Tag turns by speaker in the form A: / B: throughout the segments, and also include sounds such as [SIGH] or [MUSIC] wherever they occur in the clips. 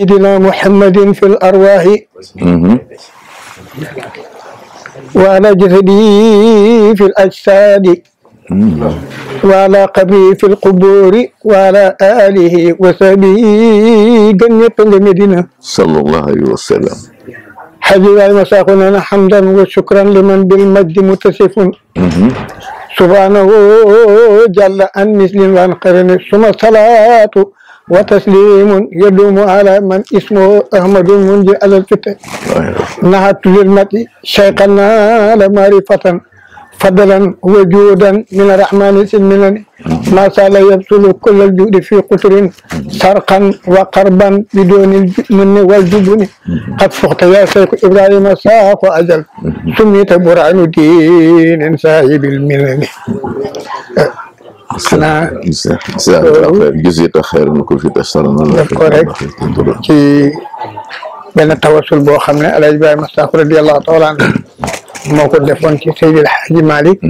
A: سيدنا محمد في الأرواح وعلى جسده في الأجساد وعلى قبره في القبور وعلى آله وصحبه جنة جميلنا صلى الله عليه وسلم حبيبي مساقنا حمدا وشكرا لمن بالمجد متصف سبحانه جل أن مثل وعن قرن ثم الصلاة وتسليم يدوم على من اسمه أحمد منذ على الفتن نهت للمتي شيخنا لمعرفة فضلا وجودا من الرحمن سمنني ما سال يبسل كل الجود في قصر سرقا وقربا بدون المن والجبن قد فقت يا شيخ ابراهيم ساق اجل سميت برعن دين صاحب المنن انا
B: جزيت خير انكم في تسرنا d'accord
A: ci benn tawasul boo xam ne Alaaji Baay Mustapha radiyallahu taala anhu moo ko defoon ci Seydil Hadji Malick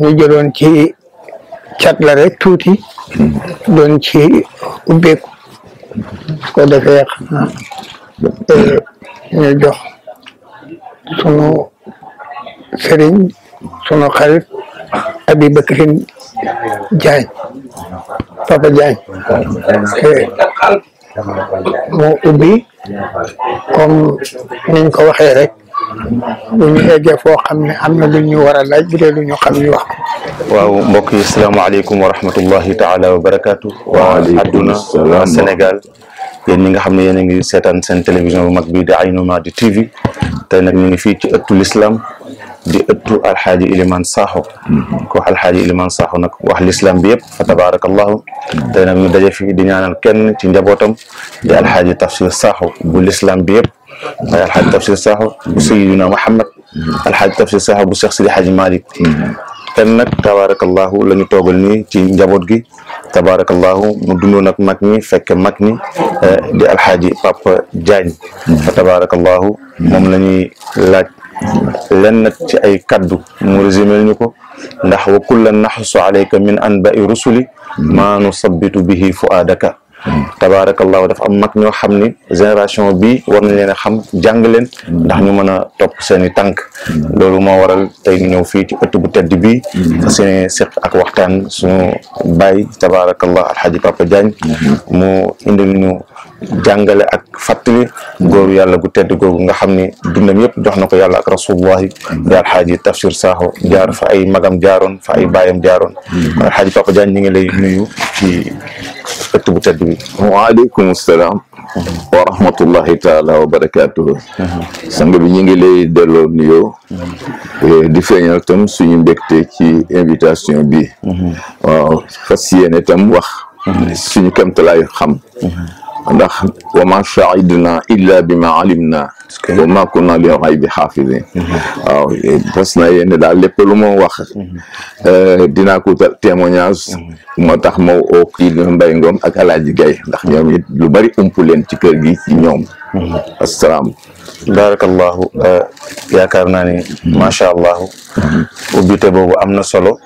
A: ñu jëloon ci cat la rek tuuti doon ci ubbeeku ko defee ñu jox sunu sëriñ sunu xarit Abi Bakrin Diagne Papa Diagne eh, moo ubbi comme niñ ko waxee rek bu ñu foo xam ne am na lu ñu war a laaj bu dee lu ñu xam ñu wax
C: ko waaw mbokk yi salaamaaleykum wa rahmatullahi taala wa barakaatu waa adduna waa Sénégal yéen ñi nga xam ne yéen a ngi seetaan seen télévision bu mag bi di Aïnou Mady TV tey nag ñu ngi fii ci ëttu l'islam di ëttu alxaaji Iliman Sakho ko wax alxaaji Iliman Sakho nag wax lislaam bi yëpp fa tabarakallahu tey nag ñu daje fii di ñaanal kenn ci njabootam di alxaaji Tafsir Sakho bu lislaam bi yëpp waaye alxaaji Tafsir Sakho bu Sayyidina Muhammad alxaaji Tafsir Sakho bu Cheikh Sidi Hadji Malick ten nag tabarakallahu la ñu toogal nii ci njaboot gi tabarakallahu mu dundoon ak mag ñi fekk mag ñi di alxaaji Papa Diagne fa tabarakallahu moom la ñuy laaj lenn nag ci ay kaddu mu résumel ñu ko ndax wa kullan naxusu an min anba'i rusuli maa nu sabbitu bihi fuaadaka tabaarakallahu dafa am mag ñoo xam ni génération bi war nañ leen xam jàng leen ndax ñu mën a topp seen i tànk loolu moo waral tey ñu ñëw fii ci ëtt bu tedd bii seen seq ak waxtaan suñu bàyyi tabaarakallah alxaji Papa Diagne mu indil ñu jàngale ak fàttali góoru yàlla gu tedd googu nga xam ni dundam yëpp jox na ko yàlla ak rasulullahi mm-hmm. di alxaaji tafsir saaxo jaar fa ay magam jaaroon fa ay baayam jaaroon mm-hmm. alxaaji papa Diagne ñu ngi lay nuyu ci ëtt bu tedd bi waaleykum salaam mm-hmm.
B: wa rahmatullahi taala wa barakatuhu sang bi ñu ngi lay delloo nuyoo eh, di feeñal tam suñu mbégte ci invitation bi waaw fas yéene tam wax suñu kamtalaayu xam ndax wa ma shahidna illa bi ma alimna wa ma kunna lil ghaybi hafizin mhm. daal lépp lu ma wax mhm. euh, dinaa ko témoignage mhm. moo tax ma oo kii Mbaye ak Alaaji Gaye ndax ñoom lu bari ump leen ci kër gi
C: ci ñoom asalaam barakallahu euh, yaakaar naa ni macha allah ubbite boobu am na solo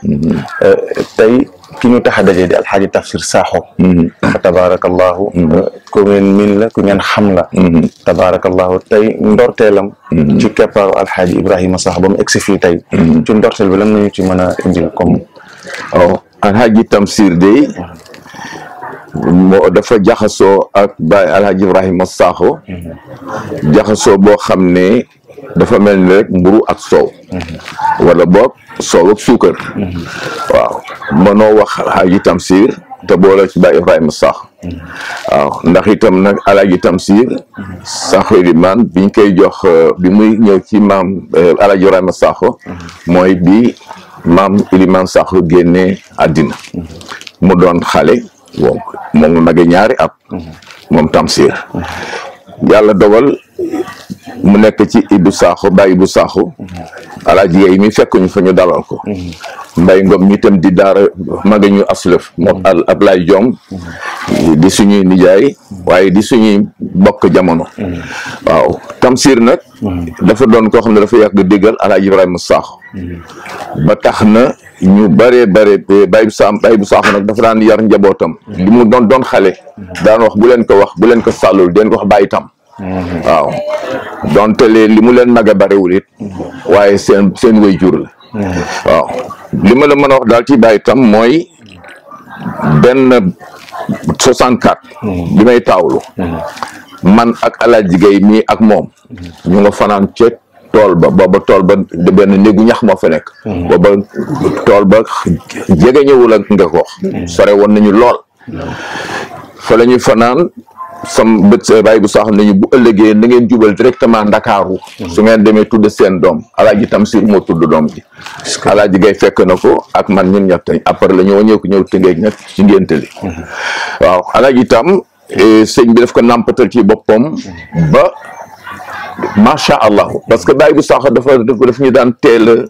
C: euh, ki ñu tax a dajee di alxaaji tafsir saaxo mm-hmm. fa tabaarakallahu mm-hmm. ku ngeen min la ku ngeen xam la mm-hmm. tabaarakallahu tey ndorteelam ci keppaaru alxaaji ibrahima saaxo ba mu egsi fii tey ci ndorteel bi lan nañu ci mën a indil comme waaw oh, alxaaji
B: tafsir day dafa jaxasoo ak baay alxaaji ibrahima saaxo jaxasoo boo xam ne dafa mel ni rek mburu ak soow wala boog soow ak suukar waaw mënoo wax Alaaji Tamsiir te boola ci Baay Ibrahima sax waaw ndax itam nag Alaaji Tamsiir Sakho Limane biñ koy jox euh, bi muy ñëw ci maam euh, Alaaji Ibrahima Sakho mooy bi maam Ilimaan Sakho génnee àddina mu doon xale moom moom mage ñaari at moom Tamsiir yàlla dogal mu nekk ci Ibou Sakho Baye bu Sakho mhm. alaaji yi mi fekk ñu fa ñu dalal ko mhm. Mbaye Ngom ñu itam di daara maga ñu aslëf mhm. moom al Ablaye Diom di suñuy nijaay waaye di suñuy bokk jamono waaw Tamsir nag dafa doon koo xam ne dafa yàgg déggal alaaji Ibrahima Sakho ba tax na ñu bare bare Baye Sam Baye Ibou nag dafa daan yar njabootam li mu doon doon xale daan wax bu leen ko wax bu leen ko sàllul deen ko wax Baye Tam waaw donte li mu leen mag a bariwul it waaye seen seen way jur la waaw li ma la mën a wax daal ci bàyyi tam mooy benn soixante quatre bi may man ak Alaaji Gay ak moom ñu nga fanaan ca tool ba booba tool ba benn néegu ñax moo fa nekk booba tool ba jege ñëwul ak nga ko mm. sore woon nañu lool fa la fanaan sam bët bàyyi bu saax nañu bu ëllëgee na ngeen jubal directement ndakaaru su ngeen demee tudd seen doom alaaji si moo tudd doom ji alaaji gay fekk na ko ak man ñun ñett après la ñoo ñëw ko ñëw tëngeeg nag ci ngénte li mhm. waaw alaaji tam eh, sëñ bi daf ko nàmpatal ci boppam ba macha allah parce que bàyyi bu saax dafa daf ñu daan teel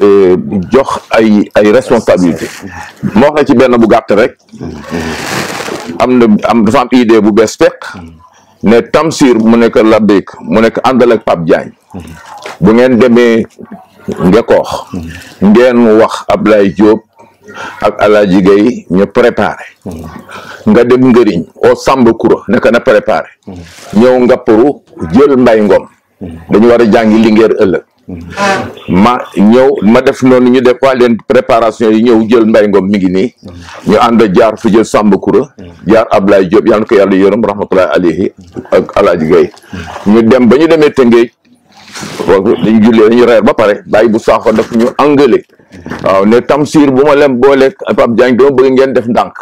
B: eh, jox ay ay responsabilité moo mhm. wax na ci benn bu gàtt rek mhm. am na am dafa idée bu bees fekk ne Tamsir mu nekk Labeyk mu nekk àndal ak Pape Diagne bu ngeen demee Ngekoox ngeen wax Ablaye Diop ak Alaaji Gay ñu préparé nga dem ngëriñ o Samba Kura nekk na préparé ñëw ngapparu jël mbay ngom dañu war a jàngi lingeer ëllëg ma ñëw ma def noonu ñu def quoi leen préparation yi ñëw jël mbay ngoom mi ngi nii ñu ànd jaar fi jël sàmba Koura jaar ab Ablaye Diop yal na ko yàlla yërëm rahmatullahi alayhi ak Alaaji Gaye ñu dem ba ñu demee Tëngéej dañ jullee dañu reer ba pare bàyyi bu saaxo daf ñu engrais waaw ne Tamsir bu ma lem boo lekk Pape Diagne dama bëgg ngeen def ndànk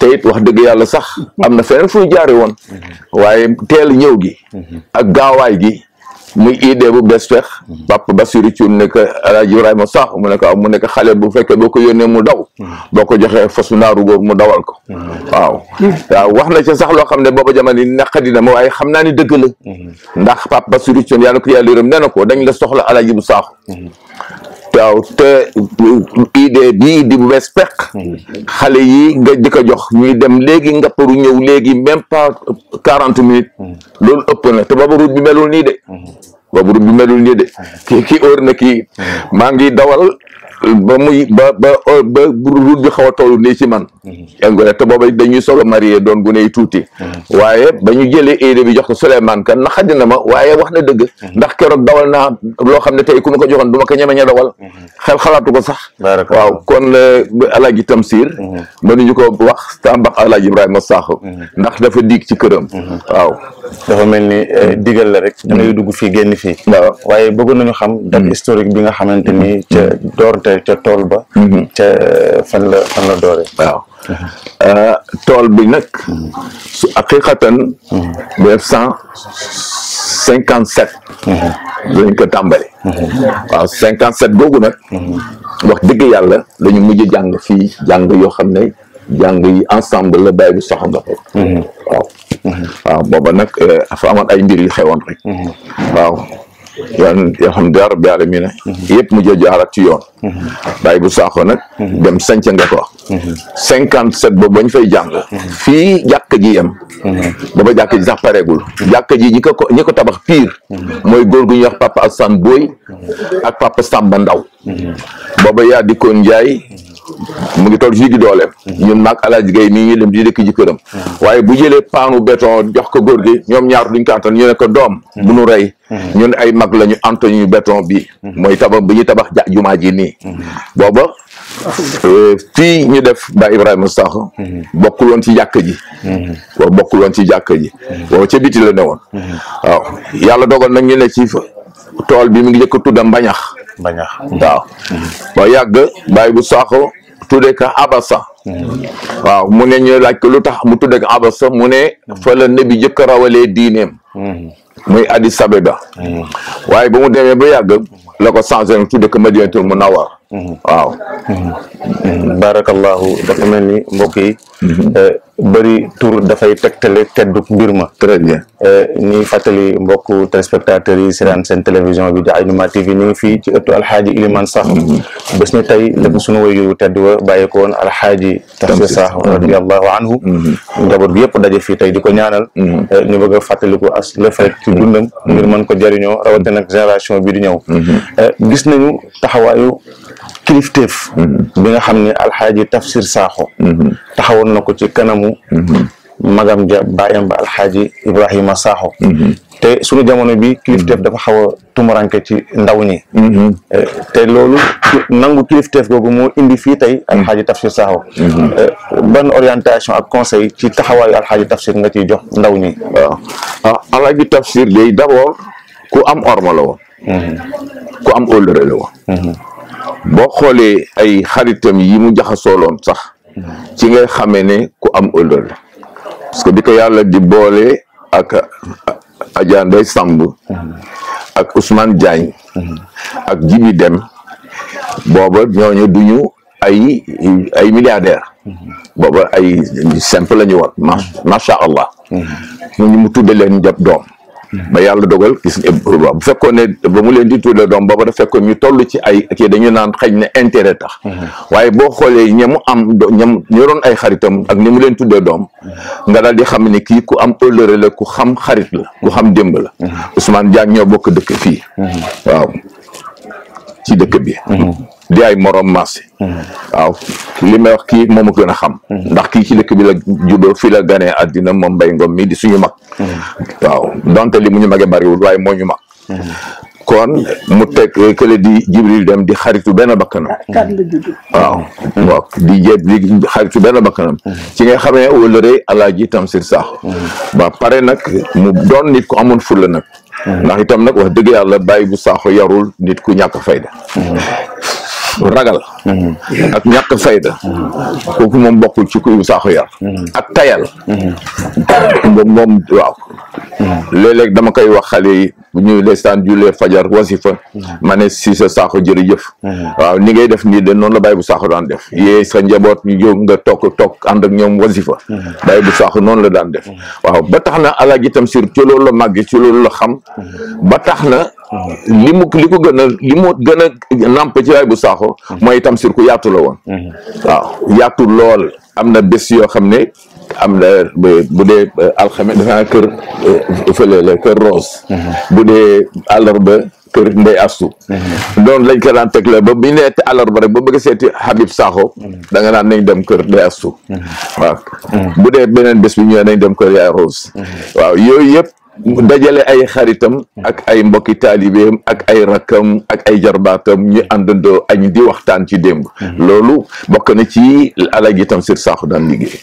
B: te it wax dëgg yàlla sax am na feneen fuy jaare woon waaye teel ñëw gi ak gaawaay gi muy idée bu bees feex mhm. Papa Bassirou Thioune nekk Alaaji Ibrahima Sakho mu nekk mu nekk xale bu fekkee boo ko yónnee mu daw mhm. boo ko joxee fasu naaru góor mu dawal ko mhm. waaw wax na ca sax loo xam ne booba jaman yi naqadi na ma waaye xam naa ni dëgg la ndax Papa Bassirou Thioune yàlla ko yàlla yërëm nee na ko dañ la soxla Alaaji bu Sakho waaw te idée bii di bees peq xale yi nga di ko jox ñuy dem léegi ngapparu ñëw léegi même pas quarante minutes loolu ëpp na te boobu route bi melul nii de mm-hmm. boobu route bi melul nii de mm-hmm. kii kii na kii mm-hmm. maa ngi dawal ba muy ba ba ba ruut bi xaw a toll nii ci man mm-hmm. ngone te booba dañuy soog a marié doon guney tuuti mm-hmm. waaye ba ñu jëlee idée bi jox ko Souleymane Kane na xaj na ma waaye wax na dëgg mm-hmm. ndax keroog dawal na loo xam ne tey ku ma ko joxoon du ma ko ñemeñe dawal xel xalaatu ko sax waaw kon alaaji Tamsir mënuñu ko wax tambax alaaji Ibrahima Sakho ndax dafa diig ci këram waaw
C: dafa mel ni eh, digal la rek da ngay dugg fii génn fii waaw waaye bëggoon nañu xam date historique bi nga xamante ni ca ca tool ba. Mhm. ca fan la fan la doore waaw euh, tool bi nag. su aqiqatan. neuf
B: cent cinquante sept. lañ ko tàmbali. waaw cinquante sept googu nag. wax dëgg yàlla dañu mujj jàng fi jàng yoo xam ne jàng yi ensemble la bàyyi bi soxla nga ko. Mhm. waaw. booba nag euh, dafa ay mbir yu xewoon rek. Mhm. waaw. yàlla yoo xam yaa rabbi alamin yëpp mu jël jaarat ci yoon bàyyi bu saaxoo nag dem sanc nga ko cinquante sept boobu bañ fay jàng fii jàkk ji yem booba jàkk ji sax pareegul jàkk ji ñi ko ñi ko tabax piir mooy góor gu ñuy wax papa Assane Boy ak papa Samba Ndaw booba yaa dikkoon mu ngi tol ci diggi dooleem mhm. ñun maag Alaaji Gay mii ñu dem di dëkk ji këram mhm. waaye bu jëlee paanu béton jox ko góor gi ñoom ñaar duñ ko antan ñu ne ko doom mhm. bu nu rey ñun ay mag lañu ñu antan ñu béton bi mooy tabax bi ñu tabax ja jumaa ji nii booba euh, ñu def ba Ibrahima Sakho bokkul woon ci jàkk ji waaw bokkul ci jàkk ji waaw ca biti la ne woon yàlla dogal nag ñu ne ci tool bi mu ngi jëkk tudda mbañax mbañax waaw ba yàgg bàyyi bu saaxo tu ko abasa waaw mu ne ñu laaj ko lu tax mu tuddee ko abasa mu ne fa la nebi jëkk a muy Addis Abeba mm. waaye ba mu demee ba yàgg la ko changé
C: tudde ko Madinatul Munawwar waaw barakallahu dafa mel ni mbokk yi eh, bëri tur dafay tegtale tedduk mbir ma très bien eh, ñuy fàttali mbokk téléspectateurs yi siraan seen télévision bi di Aïnouma TV ñu ngi fii ci ëttu alxaaji Iliman Sakho mm-hmm. bés ni tey lépp suñu wayu tedd wa bàyyi ko woon alxaaji Tafsir Sakho radiallahu anhu mm-hmm. njaboot bi yëpp daje fii tey di ko ñaanal mm-hmm. eh, ñu bëgg a fàttaliku as lëf ci dundam ngir mën ko jëriñoo rawatina nag génération bi di ñëw gis nañu taxawaayu kilifteef bi nga xam ne alxaaji tafsir saaxo taxawoon na ko ci kanamu magam ja bàyyam ba alxaaji ibrahima saaxo te suñu jamono bi kilifteef dafa xaw a tumuranke ci ndaw ñi te loolu nangu kilifteef googu moo indi fii tey alxaaji tafsir saaxo ban orientation ak conseil ci taxawaayu alxaaji tafsir nga ciy jox ndaw ñi waaw ah, alxaaji tafsir day d'abord ku am orma la mhm. ku am óllëre
B: la boo xoolee ay xaritam yi mu jaxasooloon sax ci ngay xamee ne ku am ëllëg parce que bi ko yàlla di boole ak Adja Samb ak Ousmane Diagne ak Djibi Deme booba ñooñu duñu ay ay milliardaire booba ay simple la ñu woon macha allah mm-hmm. ñu mu tudde leen jab doom ba yàlla dogal gis bu fekkoon ne ba mu leen di tuddee doom ba ba fekkoon ñu tollu ci ay kii dañu naan xëy na intérêt tax mm-hmm. waaye boo xoolee ña am ñam ñu doon ay xaritam ak ni mu leen tuddee doom mm-hmm. nga daal di xam ne kii ku am ëllëre la ku xam xarit la ku xam démb la mm-hmm. Ousmane Diagne ñoo bokk dëkk fii waaw ci dëkk bi di ay morom marché waaw li may wax ki momu gëna xam ndax ki ci lekk bi la juddoo fi la gané adina mom bay ngom mi di suñu mag waaw donte li ñu ñu mag kon mu tek eh, kele di jibril dem di xaritu ben bakkanam ah, kan waaw waaw di jeet di xaritu ben bakkanam ci nga xamé wala rëy tam sir sax ba pare nak mu don nit ko amoon fulla nak ndax itam nak wax deug yalla bay bu saxo yarul nit ku ñak fayda ragal mm-hmm. ak ñàkk fayda mm-hmm. kooku moom bokkul ci kuy saaxu yar mm-hmm. ak tayal moom moom waaw léeg-léeg dama koy wax xale yi bu ñuy destaan jullee fajar wasifa ma ne si sa saaxu jëf waaw ni ngay def nii de noon la bàyyi bu saaxu daan def yee sa njaboot ñu nga toog toog ànd ak ñoom wasifa bàyyi bu saaxu noonu la daan def waaw ba tax na alaaji tam sur loolu la màgg ci loolu la xam ba tax na li mu li ko gën a li mu gën a nàmp ci waay bu saaxo mooy itam ku yaatu la woon mhm. waaw yaatu lool am na bés yoo xam ne am na bu dee alxames dafa kër eh, fële la kër Rose mhm. bu dee àllarba kër Ndey Astu doon mhm. lañ ko daan teg ba bi neet àllarba rek ba bëgg seeti Habib Sakho da nga naan nañ dem kër Ndey Astu bu dee beneen bés bi ñëwee nañ dem kër Yaay Rose yooyu yëpp mu dajale ay xaritam hmm. ak ay mbokki taalibeem ak ay rakkam ak ay jarbaatam ñu hmm. àndandoo añ di waxtaan ci démb hmm. loolu bokk na ci Alaaji Tamsir
C: Sakho daan liggéey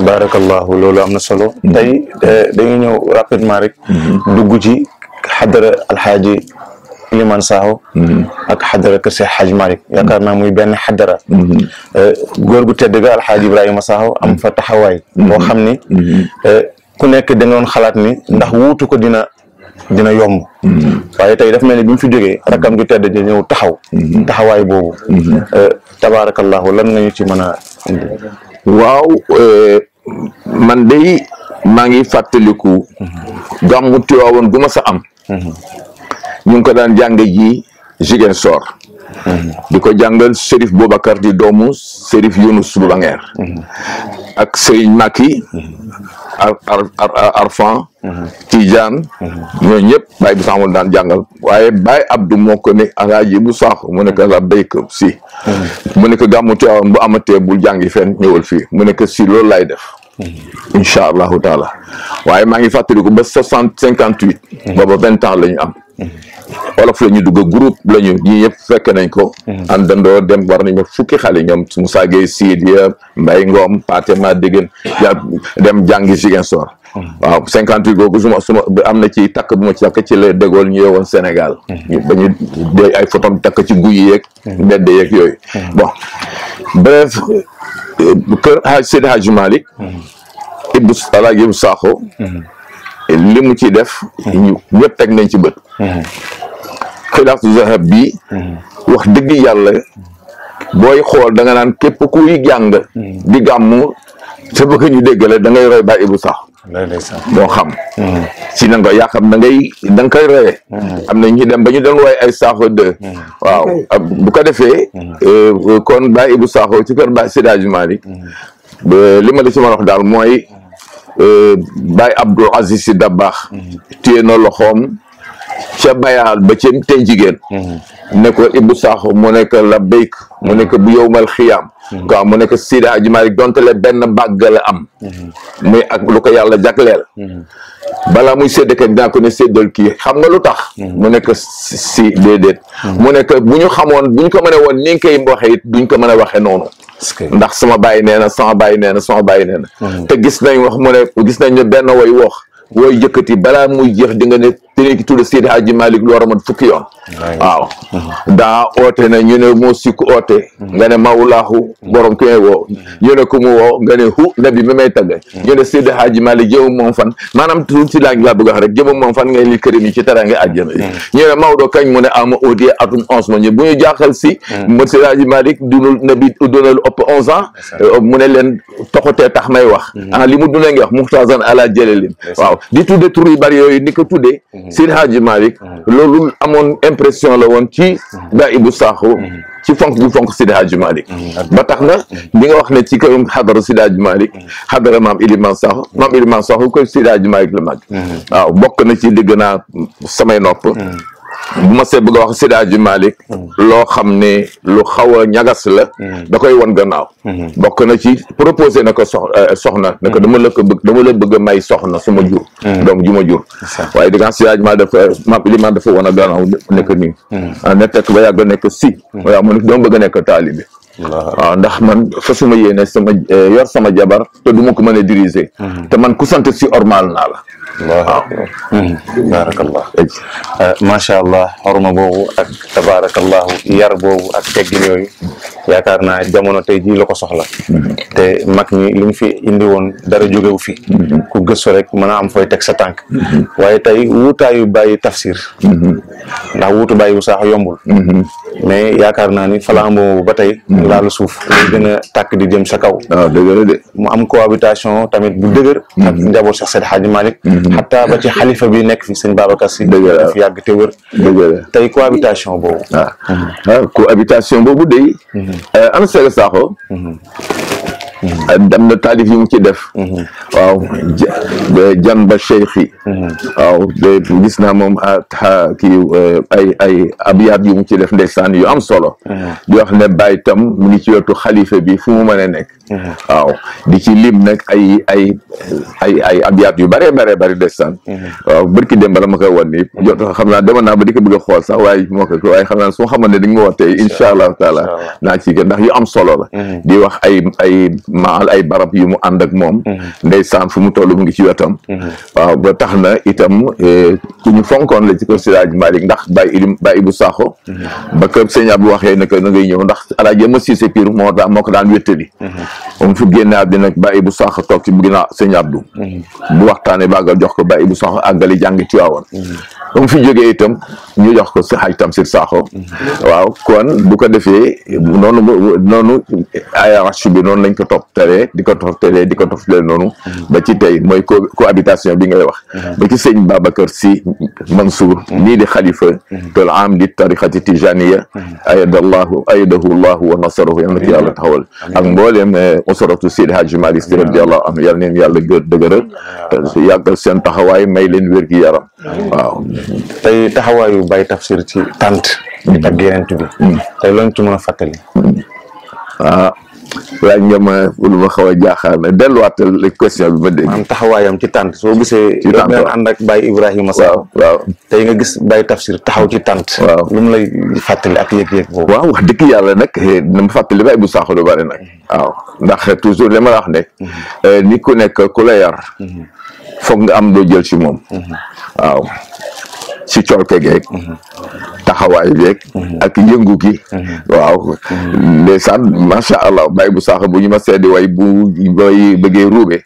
C: barakallahu loolu am na solo tey eh, dañu ñëw rapidement rek dugg ci xadara alxaaji Iliman Sakho ak xadara kër Seex Xaaj Malik yaakaar naa muy benn xadara eh, góor gu tedd ga alxaaji ma Sakho am fa taxawaay boo xam ni eh, ku nekk da doon xalaat ni ndax wuutu ko dina dina yomb mm-hmm. waaye tey daf mel ni bi mu fi jógee rakkam ju tedd di ñëw taxaw mm-hmm. taxawaay boobu mm-hmm. euh, tabaarakallaahu lan nga ñu ci mën a indi
B: waaw euh, man day maa ngi fàttaliku gàmmu Tiwaawoon gu ma sa am ñu ngi ko daan jàng ji Ziguinchor di ko jàngal Serif Boubacar di doomu Serif Yunus Lubangeer ak Serigne Maki ar ar Arfan Tijaan ñooñu ñëpp Baye bu Saaxu daan jàngal waaye Baye Abdou moo ko ne alaaji bu Saaxu mu nekk la béyk si mu nekk gàmmu Tiwaawan bu amatee bul jàngi fenn ñëwal fii mu nekk si loolu laay def incha allahu taala waaye maa ngi fàttaliku ba soixante cinquante huit booba vingt ans la ñu am olof la ñu dugg groupe la ñu ñii yëpp fekke nañ ko mm-hmm. àndandoo dem war nañ ma fukki xale ñoom Moussa Gueye Sidia Mbaye Ngom Patema Dégén ya dem jàngi Ziguinchor mm-hmm. waaw cinquante huit googu suma suma am na ci takk bu ma ci takk ci la ñu yeewoon Sénégal ba ñu dee ay ci guy yeeg mm-hmm. mbedd yeeg yooyu bon bref euh, kër Hadj Seydi Hadji Malick Ibou Alaaji Ibou Sakho li mu ci def ñu teg nañ ci bët xilaatu zahab bi wax dëgg yàlla booy xool danga naan képp kuy jàng di gàmmu sa bëgg ñu déggale da ngay roy bàyyi bu sax boo xam si na nga yaa xam da ngay da nga koy roye am na ñu dem ba ñu doon ay saaxo deux waaw bu ko defee euh, kon bàyyi bu saaxo ci kër ba sidage Malick li ma la ci daal mooy euh, bàyyi Abdou Aziz Sy Dabakh téye na loxoom ca bayaal ba cem tey jigéen mhm. ne ko Ibou Sakho mu nekk labbayk mu nekk bu yowmal xiyaam mhm. waaw mu nekk Sidi Hadji Malick donte le benn bàgg la am muy mhm. ak lu ko yàlla jagleel balaa muy séddake dinaa ko ne séddal kii xam na lu tax mu nekk si déedéet mu nekk bu ñu xamoon bu ñu ko mën woon ni nga koy waxee it duñ ko mën a waxee noonu ndax sama bàyyi nee na sama bàyyi nee na sama bàyyi nee na te gis nañ wax mu ne gis nañ ne benn way wax wooy yëkkati balaa muy jeex di nga dinañ ki tudd Seydi Hadji lu war a fukki yoon waaw daa oote na ñu ne moo sikk oote mm-hmm. nga ne mawlaahu borom ki may woo mm-hmm. ñu ne ko mu woo nga ne hu nabi mi may tagg mm-hmm. ñu ne Seydi Hadji Malick jëmu moom fan maanaam tu si laa ngi laa a wax rek jëmu moom fan nga li kërim yi ci teraange àjjana yi ñu ne Maodo kañ mu ne ama audie atum onze ma ñu bu ñu jaaxal si mu Seydi Hadji Malick dunul nabi dunalu ëpp onze ans euh, mu ne leen toxotee tax may wax ah li mu duna ngi wax muxtazan ala jëlelin waaw di Seydi Hadji Malick mm-hmm. loolu amoon impression la woon ci daa mm-hmm. ibu saaxo mm-hmm. ci fonk bu fonk Seydi Hadji Malick ba tax na di nga wax ne ci këram xadara Seydi Hadji Malick xadara maam Iliman Sakho maam Iliman Sakho koy Seydi Hadji Malick la mag waaw bokk na ci dégg naa samay nopp bu ma see a wax Seydi Hadji Malick mm. loo xam ne lu xaw a ñagas la mm. da koy won gannaaw mm-hmm. bokk na ci proposé na ko sox euh, soxna ne ko mm. dama la ko bëgg la bëgg may soxna su ma jur doom ju ma jur waaye diggante Seydi Hadji Malick dafa li ma dafa won a gannaaw nekk a ne tekk ah, ba yàgg nekk si waaw mu ne dama bëgg a nekk taalibe waaw ah, ndax man fasuma yéene sama euh, yor sama jabar te du ma ko mën a diriger te man ku sant si ormal naa la
A: waaw
C: baarakallah macha allah xorma boobu ak tabaarakallahu yar boobu ak teggin yooyu yaakaar naa jamono tey jii la ko soxla te mag ñi li ñu fi indi woon dara jógewu fi ku gëstu rek mën a am fooy teg sa tànk waaye tey wuutaayu bàyyi tafsir ndax wuutu bàyyi wu saax yombul mais yaakaar naa ni falaam boobu ba tey laalu suuf lay gën a tàkk di jëm sa kaw ah, mu am cohabitation tamit bu dëgër ak njaboot sax Seydi Hadji xataa ba ci xalifa bi nekk fi sëñ Babacar Si dëgg la fi yàgg te wër dëgg la tey cohabitation boobu waaw ah. ah, cohabitation boobu day mm-hmm. euh, ana Sele Sakho mm-hmm. am
B: na taalif yi mu ci def mhm. waaw jan ba cheikh yi mhm. waaw gis naa moom ah, kii eh, ay ay abiyaat yu mu ci def ndeysaan yu am solo mhm. di wax ne bàyyi tam mu ngi ci wetu xalifa bi fu mu mën a nekk waaw di ci lim nag ay ay ay ay abiyaat yu bare bare bare ndeysaan waaw bërki dem bala ma koy wan ni jot xam naa demoon naa ba di ko bëgg xool sax waaye moo ko waaye xam naa su ma xamoon ne di nga ma tey incha taala naa ci gën ndax yu am solo la di wax ay maal ay barab yu mu ànd ak moom mhm. ndeysaan fu mu toll mu ngi ci wetam mhm. waaw ba tax na itam eh, ku ñu fonkoon la ci kër si maa Malick ndax Baye Ilim Baye Ibou Sakho mhm. ba kër sëñ Abdou waxee ne na ngay ñëw ndax Alaaji ma Cissé Pire moo daan moo ko daan wéttali moom fu génne àddina nag Baye Ibou Sakho toog ci bu ginnaaw sëñ Abdou bu waxtaanee baagal jox ko Baye bu Sakho àggali jàng ci waawoon ba fi jógee itam ñu jox ko Hadj Tamsir saxo waaw kon bu ko defé nonu noonu noonu ARH bi non lañ ko top teree diko top topp diko top ko nonu ba ci tay moy co cohabitation bi ngay wax ba ci seigne Babacar si Mansour ni di khalifa tol am di tariqati tijaniya allah ayadahu allah wa nasaruhu yal na ko yàlla taxawal ak mbooleem usuratu Seydi Hadji Malick Sy allah am yalla neen yàlla dëgëral yàggal seen taxaway may leen wér gi
C: yaram waaw tey taxawaayu Baye Tafsir ci tànt ak yeneen bi mm. tey loolu ci a fàttali mm. ah laaj nga ma lu ma xaw a jaaxaar na delluwaatal question bi ma dégg taxawaayam ci tànt soo gisee ci tànt ànd ak tey nga gis Baye Tafsir taxaw ci tànt waaw
B: lu mu lay fàttali ak yëg-yëg boobu waaw wax dëgg yàlla nag dama eh, fàttali Baye bu Sakho lu bari nag mm. ndax toujours li ma la ne eh, ni ku nekk ku la yar foog nga am doo jël ci moom waaw si colke geeg mhm. taxawaay beeg mhm. ak yëngu gi mhm. waaw ndeysaan macha allah bàyyi bu saaxa bu ñu ma seedi way bu bay bëggee ruube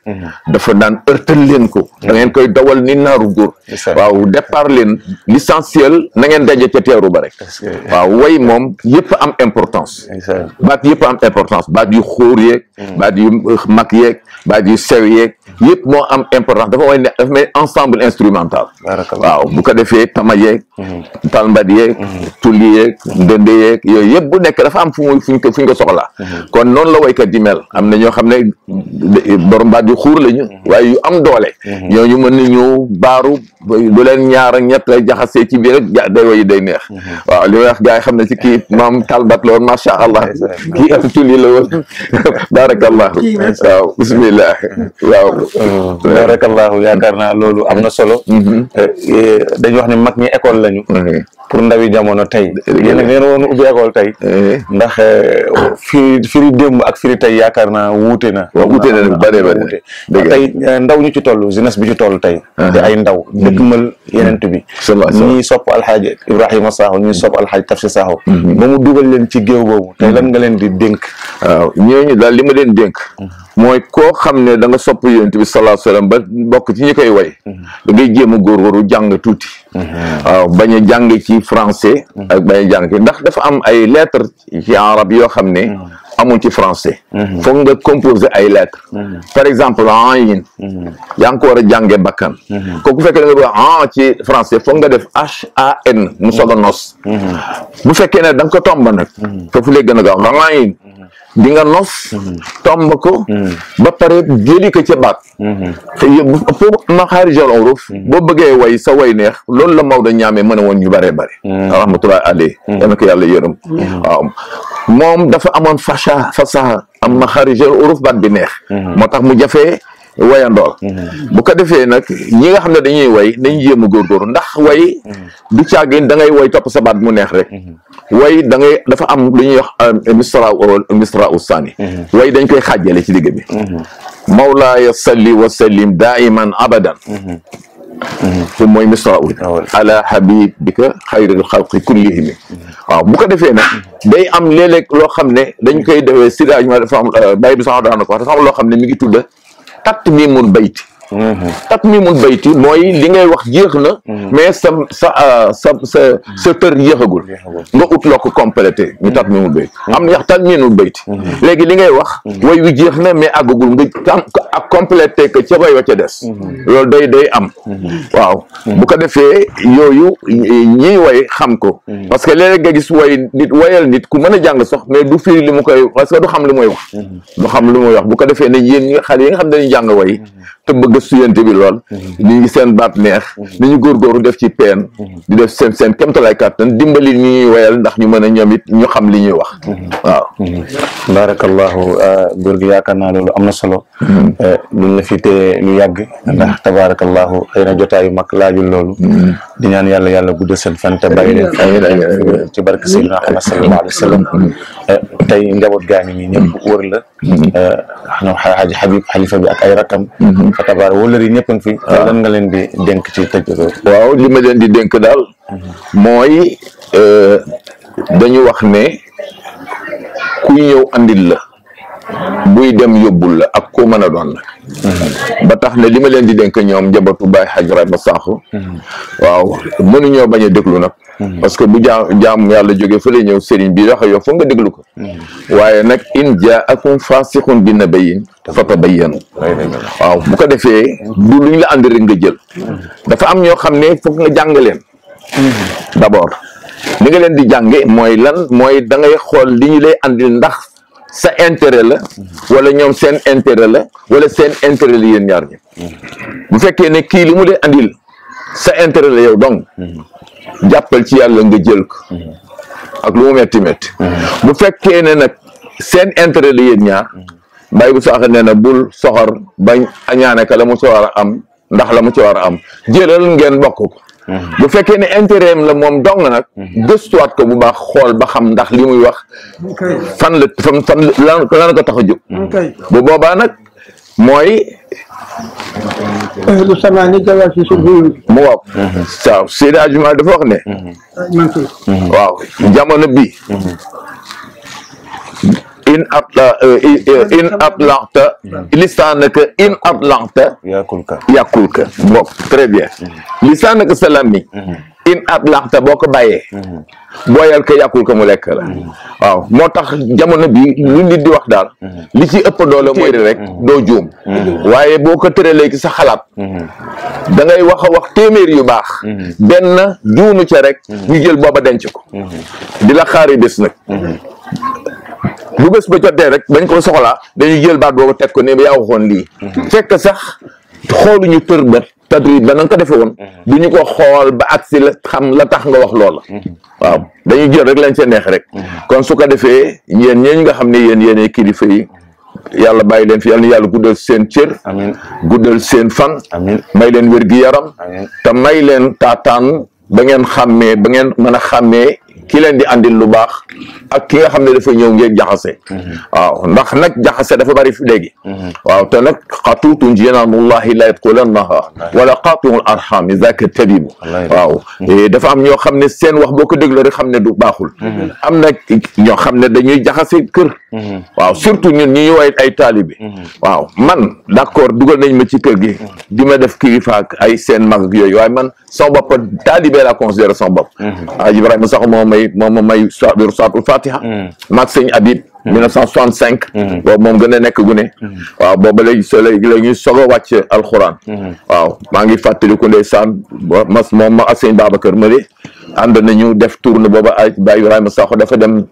B: dafa naan ërtal leen ko da koy dawal ni naaru góor waaw départ leen l'essentiel na ngeen daje ca teeru ba rek waaw way moom yëpp am importance baat yëpp am importance baat yu xóor yeeg baat yu mag yeeg baat yu sew yeeg yëpp moo am importance dafa way ne dafa may ensemble instrumental waaw bu ko defee tama yeeg tànba di yeeg tulli yeeg dënde yeeg yooyu yëpp bu nek dafa am fu muy fuñ ko fuñ ko soxla kon non la ka di mel am na ñoo ne borom ba di xour lañu way yu am doole ñu mën ñu baaru du len ñaar ak ñet lay jaxase ci bi rek day way day neex wa li wax gars xamne ne ci ki mam talbat lo ma sha allah Ki at tulli lo woon [LAUGHS] barakallahu
C: bismillah wa barakallahu yaakaar naa loolu am solo mhm. eh, eh, dañ wax ni mag ñi école lañu pour ndawi jamono tey yéen nag woon ubbi tey ndax eh, firi firi démb ak firi tey yaakaar naa wuute na waaw wuute na nag bare bare wuute tey eh, ndaw ñu ci toll jeunesse bi ci toll tey te ay ndaw mm-hmm. dëkkmal yenent bi ñuy sopp alxaaj Ibrahima Sakho ñuy sopp alxaaj Tafsir Sakho mm-hmm. ba mu dugal leen ci géew boobu tey lan mm-hmm. nga leen di dénk waaw ñooñu daal li ma leen dénk mooy
B: koo xam ne danga nga sopp yenent bi sallallahu alayhi wa sallam ba bokk ci ñi koy way da ngay jéem a waru jàng tuuti Mhm. waaw bañ a jàng ci français mhm. bañ a jàng ci ndax dafa am ay lettres ci arab yoo xam ne mhm. amul ci français foog nga composer ay lettres par exemple ayin yaa ngi war a jànge bakkan kooku fekkee da nga bëgg a ci français foog nga def h a n mu a nos bu fekkee ne da nga ko tomba nag foofu lay gën a gaaw di nga nos tomb ko ba pare jëli ko ca baat foofu mm-hmm. ma xaarijal uruf mm-hmm. boo bëggee way sa way neex loolu la Maodo ñaamee mën a woon ñu bëree bëri mm-hmm. rahmatullahi alayhi yana ko yàlla yërëm moom dafa amoon fasaha fasaha am ma xaarijal uruf baat bi neex moo tax mu jafe wayandool mm-hmm. bu ko defee nag ñi nga xam ne dañuy woy nañ jéem a góorgóorlu ndax way mm-hmm. du càggin da ngay way topp sa baat mu neex rek mm-hmm. way da ngay dafa am lu ñuy wax euh, misra euh, misra ussaani way dañ koy xàjjale ci digg bi mawlaaya salli wa sallim daiman abadan fu mooy misra ul ala habibika xayril xalqi kullihimi waaw bu ko defee nag day am léeg-léeg loo xam ne dañ koy defee sidaaj ma dafa am euh, bàyyi bi sax daana ko wax dafa loo xam ne mi ngi tudda tatt mimul bayti Mhm. tatmimul bayti mooy li ngay wax jeex na mhm. mais sa sa euh, sa sa sa tër jeexagul nga ut loo ko complété ñu tatmimul bayti mhm. am na yax tatmimul bayti léegi li ngay wax way wi jeex na mais àggagul nga tam ak complété que ca way wa ca des loolu day day am waaw bu ko defee yooyu ñiy way xam ko parce que léeg-léeg nga gis way nit wayal nit ku mën a jàng sax mais du firi li mu koy parce que du xam li muy wax du xam lu muy wax bu ko defee ne yéen ñi nga xam yi nga xam ne dañuy jàng way te bëgg a suyante bi lool li mm-hmm. ngi seen baat neex mm-hmm. ni ñu góorgóoru def ci peen mm-hmm. di def seen seen kémtalaay kàttan dimbali ñu ñuy woyal ndax ñu mën a ñoom it ñu
C: xam li ñuy wax waaw barakallahu uh, góor gi yaakaar naa loolu am na solo duñ uh, la fi te lu yàgg ndax tabarakallahu xëy na jotaayu mag laajul loolu di ñaan yàlla yàlla guddal seen fan te bàyyi leen uh, ci barke sayyidina Muhammad sallallahu alayhi wa sallam tey njaboot gaa ngi nii ñëpp wër la ñoom xaaji Habib xalifa ak ay rakam fatabaar wala yi fi. Ah. lan nga leen di dénk ci tëj
B: waaw li ma leen di dénk daal. mooy euh, dañu wax ne ku ñëw andil la. buy dem yóbbul la ak koo mën a doon nag mm-hmm. ba tax ne li ma leen di denk ñoom njabootu Baye Hadj Rayba Sakho mm-hmm. waaw mënuñoo bañ a déglu nag Mm-hmm. parce que bu jaam jaam yàlla jógee fële ñëw sëriñ bi wax yow foog nga déglu ko.
C: Mm-hmm.
B: waaye nag in jaakum faasiqun bi naba'in fatabayyanu. waaw bu ko defee du luñ la andi rek nga jël. Mm-hmm. dafa am ñoo xam ne foog nga jàng leen. d'abord li nga leen di jànge mooy lan mooy da ngay xool li ñu lay andil ndax sa intérêt la wala ñoom seen intérêt la wala seen intérêt la yéen ñaar ñi bu fekkee ne kii li mu lay andil sa intérêt la yow donc. jàppal ci yàlla nga jël ko ak lu mu metti metti bu fekkee ne nag seen intérêt la yéen ñaar mbay bu saax nee na bul soxor bañ añaane la mu ci a am ndax la mu ci war a am jëlal ngeen bokk ko bu fekkee ne intérêt la moom dong nag gëstuwaat ko bu baax xool ba xam ndax li muy wax fan la fan fan lan ko tax a jóg bu boobaa nag mooy.
A: lu sama ni si biir. mu waaw.
B: waaw Seydi Hadji Malick dafa bi. in atla atlanta lisaanaka in atlanta. yàqul ka yàqul bien. Mm-hmm. lisaanaka salaam mi. Mm-hmm. in ablahta ta boko baye mhm. boyal ke yakul ko mu lek la mhm. waaw motax jamono bi lu nit di wax dal mhm. li ci ëpp doole moy rek do joom waye boko ko tëralee sa xalaat da ngay wax wax téeméer yu bax ben duunu ci rek ñu jël boba denc ko dila xari bes nak bu ba jotté rek dañ ko soxla dañu jël baat booba tek ko ne yaa waxoon li fekk sax xooluñu tër tadrid la na nga ko defee woon uh-huh. du ñu ko xool ba agsi la xam la tax nga wax loola uh-huh. waaw dañuy jël rek lañ ca neex rek uh-huh. kon su ko defee yéen ñeeñ nga xam ne yéen yéenee kilifa yi yàlla bàyyi leen fi yàlla yàlla guddal seen cër guddal seen fan may leen wér gi yaram te may leen taataan ba ngeen xàmmee ba ngeen mën a xàmmee ki leen di andil lu baax ak ki nga xam ne dafa ñëw ngeen jaxase mhm. waaw ndax nag jaxase dafa bari fi léegi mhm. waaw te nag xatuutun jinaanullahi la yadxulannaha wala qaatiul arham zaka tabibu waaw mhm. dafa am ñoo xam ne seen wax boo ko déglu rek xam ne du baaxul am na ñoo xam ne dañuy jaxase kër waaw surtout ñun ñi ñu way ay taalibe waaw man d'accord dugal nañ ma ci kër gi di ma def kilifa ak ay seen mag yo waaye man sama bopp taalibe la considéré sama bopp Ibrahima sax moom may moom moom may wéru saatul fatiha maag mm. sëñ Habib mm. mille neuf cent soixante cinq mm. moom gën a nekk gune waaw booba léegi so léegi la ñuy soog a wàcc waaw maa ngi fàttaliku ndeysaan mas moom ma ak sëñ Babacar Mari ànd nañu def tournée booba ay Baye Ibrahima Sakho dafa dem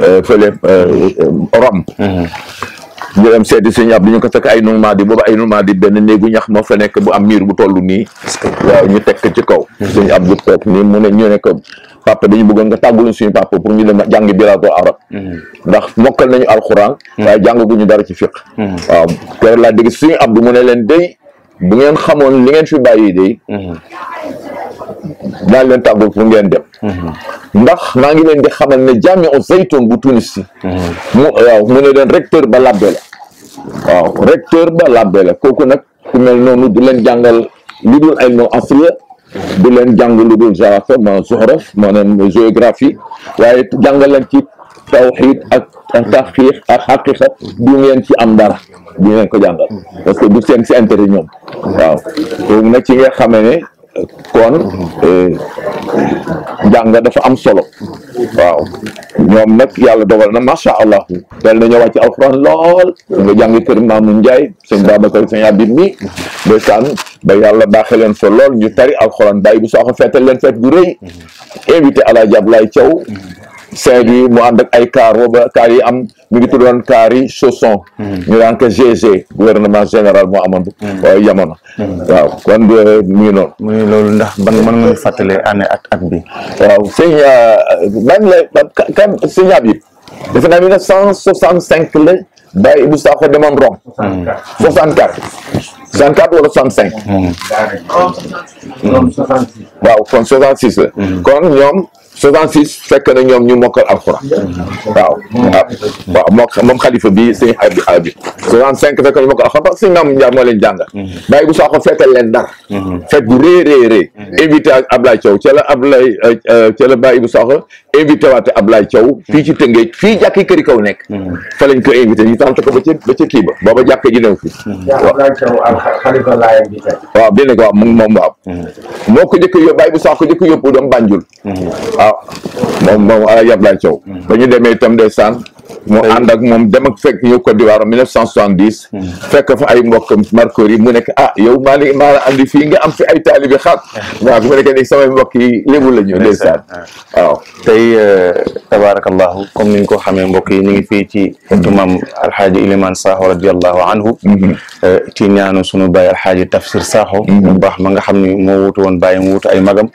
B: euh, fële euh, Rome mm-hmm. ñoom séddi sëñ ab ñu ko takk ay nul maadi boobu ay nul maadi ben neegu ñax mo fa nek bu am miir bu tollu ni waaw ñu tek ci kaw mhm. sëñ ab du tok ni mu ne ñu ne ko papa dañu bëggoon nga tagul suñu papa pour ñu dem jàngi biraatul arab mhm. ndax mokal nañu alxuraan mhm. waaye jàngaguñu dara ci fiq waaw keroog laa dégg suñu abdu mu ne len day bu ngeen xamoon li ngeen fi bayyi day dal len tagul fu ngeen dem ndax maa ngi len di xamal ne jami'u zaytun bu tunisi mu mu ne len recteur ba labbe la waaw recteur ba labbe la ku nag ku mel noonu du leen jàngal lu dul ay no afriya du leen jàng lu dul jarafa ma zuhraf maanaam géographie waaye jàngal leen ci tawxid ak taxqiq ak xaqiqa du ngeen ci am dara du ngeen ko jàngal parce que du seen si intérêt ñoom waaw kooku nag ci nga xamee ne kon eh, jàng dafa am solo waaw ñoom nag yàlla dogal na macha allah teel nañoo wàcc alxuraan lool nga jàngi kër Maamu Njaay sëñ Babacar sëñ Abib mi ba yàlla baaxee leen fa lool ñu tari alxuraan bàyyi bu soo ko leen feet bu rëy invité El Hadj Ablaye Thiaw Saint-Louis mu ànd ak ay car booba car yi am mi ngi tuddoon car yi chausson mm-hmm. ñu daan ko GG gouvernement général moo amoon mm-hmm. yamono mm-hmm. waaw kon mu ngi noonu mu ngi loolu ndax ban mën nga fàttale année ak at bi waaw sëñ euh, man la kan sëñ Habib defe cent cinq la Baye Ibou Sakho demoon Rome soixante quatre soixante cinq waaw kon soixante six 66 fekk na ñoom ñu mokkal alxuraan waaw waaw moo moom xalifa bi sëñ abi abi 65 fekk na ñu mokkal alxuraan parce que sëñ maam Njaar moo leen jàngal mm-hmm. bàyyi bu saaxo fekkal leen dar mm-hmm. fekk bu rëy rëy rëy mm-hmm. invité ak Ablaye Thiaw ca la Ablaye euh, euh, ca la bàyyi bu saaxo invité waate fii ci Tëngéej fii jàkki këri kaw nekk fa lañ ko invité ñu tànn ko ba ca ba ca kii ba booba jàkk ji dem fii waaw bi ne ko waaw mu moom waaw moo ko jëkk yóbbu bàyyi bu waaw ah, moom moom Alaaji ah, Abdoulaye Thiaw mm-hmm. ba ñu demee itam ndeysaan mu ànd ak moom dem ak fekk ñëw Côte d'Ivoire en mille neuf cent soixante-dix mm-hmm. fekk fa ay mbokkam markeur yi mu nekk ah yow maa ni maa la andi fii nga am fi ay taalibi xaat [LAUGHS] waaw mu nekk léegi samay mbokk yi lébu la ñu ndeysaan
C: waaw tey euh, tabarakallahu comme niñ ko xamee mbokk yi ñu ngi fii ci mm-hmm. imam alhaaji Iliman Sakho radiallahu anhu euh, ci ñaanu sunu baay alhaaji Tafsir Sakho mu baax ma nga xam ne moo wutu woon bàyyi mu wutu ay magam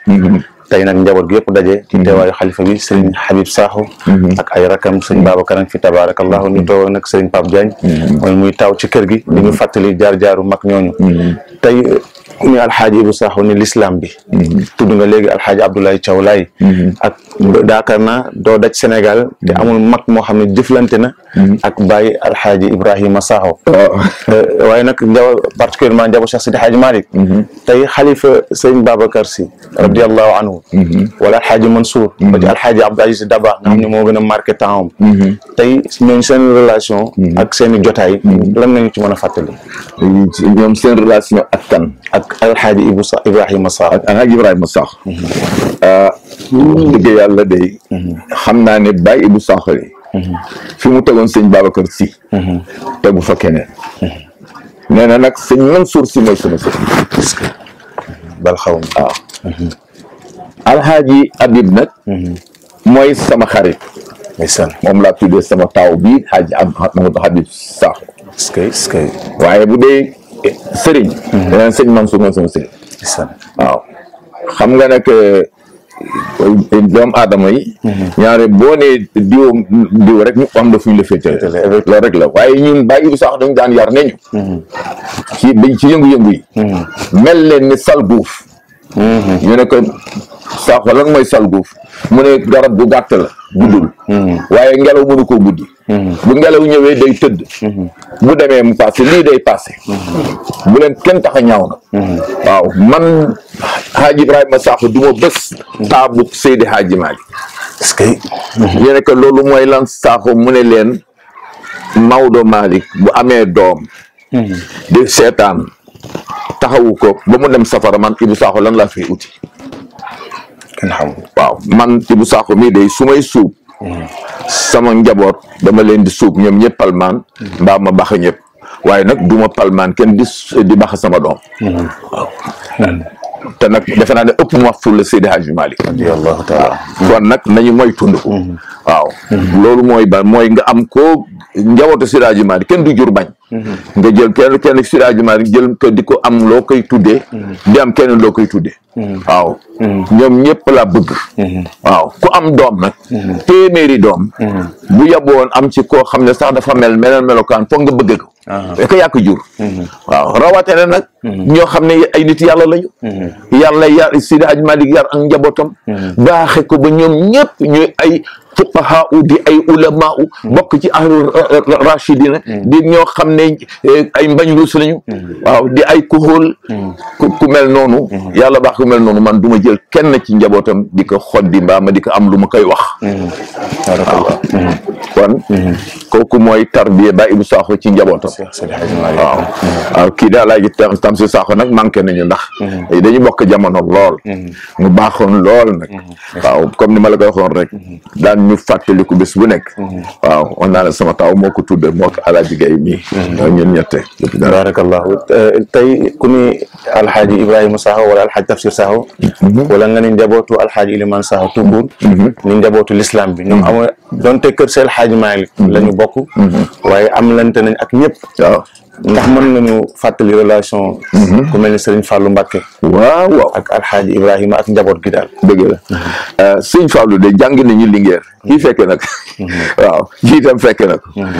C: tey nag njaboot gi yëpp daje ci mhm. teewaayu xalifa bi sëriñ Habib Sakho mhm. ak ay rakam sëñ Babacar ak fi tabaarakallahu ñu mhm. toog nag sëriñ Pape Diagne mooy muy taw ci kër gi di ñu fàttali jaar jaaru mag ñooñu ku ñu alxaaji Ibou Sakho ni l'islam bi mm-hmm. tudd nga léegi alxaaji Abdoulaye Thiaw Laye mm-hmm. ak daakar naa doo daj Sénégal te mm-hmm. amul mag moo xam ne jëflante na ak bàyyi alxaaji Ibrahima Sakho oh. eh, waaye nag njaw particulièrement njabu Cheikh Sidi Hadj Malick tey xalifa sëñ Babacar Sy radiallahu anhu wala alxaaji Mansour ba ci alxaaji Abdou Aziz Dabakh nga xam ne moo gën a marqué temps am tey ñooñ seen relation ak seen i jotaay lan nañu ci mën a fàttali ñoom seen relation ak kan ak alxaaji Ibu Sa Ibrahima Sakho ak alxaaji
B: Ibrahima Sakho dëgg yàlla day xam naa ne Baye Ibu Sakho li fi mu tegoon sëñ Babacar Si tegu fa keneen nee na nag sëñ Mansour Si mooy sama sëñ bal xaw ma waaw alxaaji Abib nag mooy sama xarit moom laa tuddee sama taaw bi xaaji Abib Sakho est waaye bu dee eh, sëriñ. Mhm. danaan sëñ man mooy sama sëriñ. xam nga nag eh, eh, doomu aadama yi. Mhm. ñaare boo nee diw diw rek ñu am na fu ñu la féetee. loolu rek la waaye ñun bàyyi du sax dañu daan yar ne ñu. Mhm. ci dañ ci yëngu-yëngu yi. mel leen ni salguuf. ñu ne ko sax lan mooy salguuf mu ne garab bu gàtt la guddul. waaye ngelaw mënu ko guddi. Mm-hmm. bu ngelaw ñëwee day tëdd. Mm-hmm. bu demee mu passé lii day passé. Mm-hmm. bu leen kenn tax a ñaaw na. waaw man Hadj Ibrahima Sakho du ma bés. taabu Seydi Hadj Malick. est parce que. ñu ne loolu mooy lan Sakho mu ne leen Maodo Malick bu amee doom. di seetaan taxawu ko ba mu dem safara man Ibou Sakho lan laa fay uti. kenn xamul waaw man mii day su suub. sama njaboot dama leen di suub ñoom ñëpp palmaan mbaa ma baxa ñëpp waaye nag duma palmaan kenn di di baxa sama doom waaw te nag defe naa ne ëpp mu wax fu la Seydi Hadji Malick nañu moy tund ko mm-hmm. waaw loolu mooy ba mooy nga am koo njabootu Seydi Hadji Malick kenn du jur bañ mm-hmm. nga jël kenn kenn Seydi Hadji Malick jël ko di ko am loo koy tuddee mm-hmm. di am kenn loo koy tuddee Hmm. waaw hmm. ñoom ñëpp la bëgg hmm. waaw ku am doom nag téeméeri doom bu yaboon am ci ko xam ne sax dafa mel meneen melokaan foog nga bëgg ko ah. eko yàq jur waaw rawate na nag ñoo xam ne ay nit yàlla lañu yàlla yar Sidi ma Malik yar ak njabootam baaxe ko ba ñoom ñëpp ñuy ay fuqahaa u di ay ulamaa u hmm. bokk ci ahlu rachidina hmm. di ñoo xam ne eh, ay mbañ ruus lañu hmm. waaw di ay kuhóol ku mel noonu yàlla baax ku mel noonu man duma jël kenn ci njabootam di ko xoddi mbaam ma di ko am lu ma koy wax kon koku mooy tarbiya ba ibu saaxo ci njabootam waaw waaw kii daal laaji tam si saaxo nag manqué nañu ndax dañu bokk jamono lool mu baaxoon lool nag waaw comme ni ma la ko rek daan ñu fàttaliku bés bu nekk. Mhm. waaw on naa sama taw moo ko tudde moo ko alaaji gay mii. Mhm. ñun ñette.
C: barakallah euh, tey ku ni alxaaji Ibrahima Sakho wala alxaaji Tafsir Sakho. Mhm. wala nga ni njabootu alxaaji Iliman Sakho Toubour. ni njabootu l'islam bi ñoom amoo donte kër seel xaaji Malick la ñu bokk. waaye am lante nañ ak ñëpp. waaw ndax mën nañu fàttali relation. ku mel ni Serigne Fallou Mbacké. waaw waaw ak ak njaboot gi daal. dëgg euh, de jàng nañu Linguère. ñii fekke nag mhm.
B: [LAUGHS] waaw ñii itam fekke nag mhm.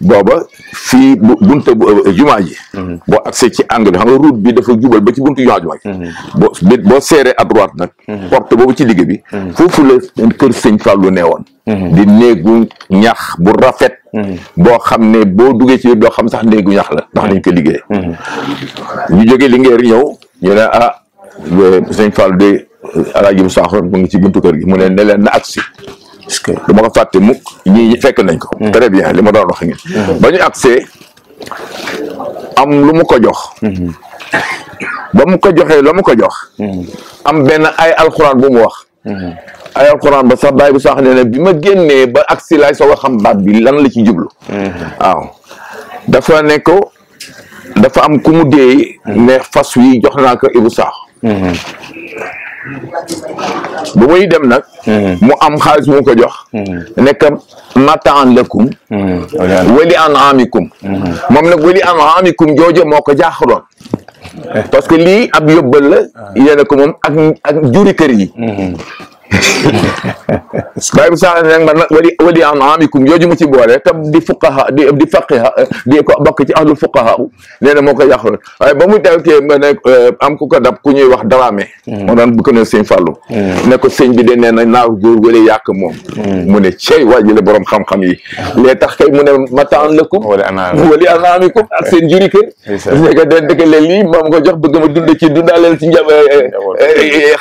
B: booba fii bunta euh, jumaa ji mhm. boo accès ci angle xam nga route bi dafa jubal ba ci buntu jumaa jumaa ji boo boo serré à droite nag porte boobu ci digg bi foofu la kër sëñ Fallou nee woon di néegu ñax bu rafet boo xam ne boo duggee ci doo xam sax néegu ñax la ndax dañ ko liggéey ñu jógee Linguère ñëw ñu ne ah sëñ Fallou de alaaji mu mu ngi ci buntu kër gi mu ne ne leen na agsi du ma ko fàtte mukk ñii ñi fekk nañ ko. Mm. très bien li ma doon wax ngeen. Mm-hmm. ba ñu accès am lu mu ko jox. Mm-hmm. ba mu ko joxee la mu ko jox. Mm-hmm. am benn ay alxuraan bu mu wax. ay alxuraan ba sax bàyyi bu sax nee bi ma génnee ba agsi laay soo xam baat bi lan la ci jublu. waaw dafa ne dafa am ku mu dee. ne fas wi jox naa ko Ibou Sakho. bu muy dem nag. Hmm. mu am xaalis mu ko jox. Hmm. nekk mataan lakum. Hmm. wali an amikum. moom nag wali an amikum jooju moo ko jaaxaloon. Eh. parce que lii ab yóbbal la. Ah. yéen a ak ak juri kër yi. [LAUGHS] bàyyi bu sax nag man wali wali an amikum jooju mu ci boole tam di fuqaha di di faqiha ci ahlul fuqaha nee na moo ko waaye ba mu tawtee ma ne eh, am ku ko dab ku ñuy wax daraame hmm. moo daan bu ko ne sëñ Fallou hmm. ne ko sëñ bi de nee na naaw góor gële yàq moom hmm. mu ne cey waaji la xam-xam yi lee tax kay mu ne mataan lakum wali an amikum ak seen juri kër léegi den dëkk leen lii moom ko jox bëgg ma dund ci dundaaleel ci njab eh, eh,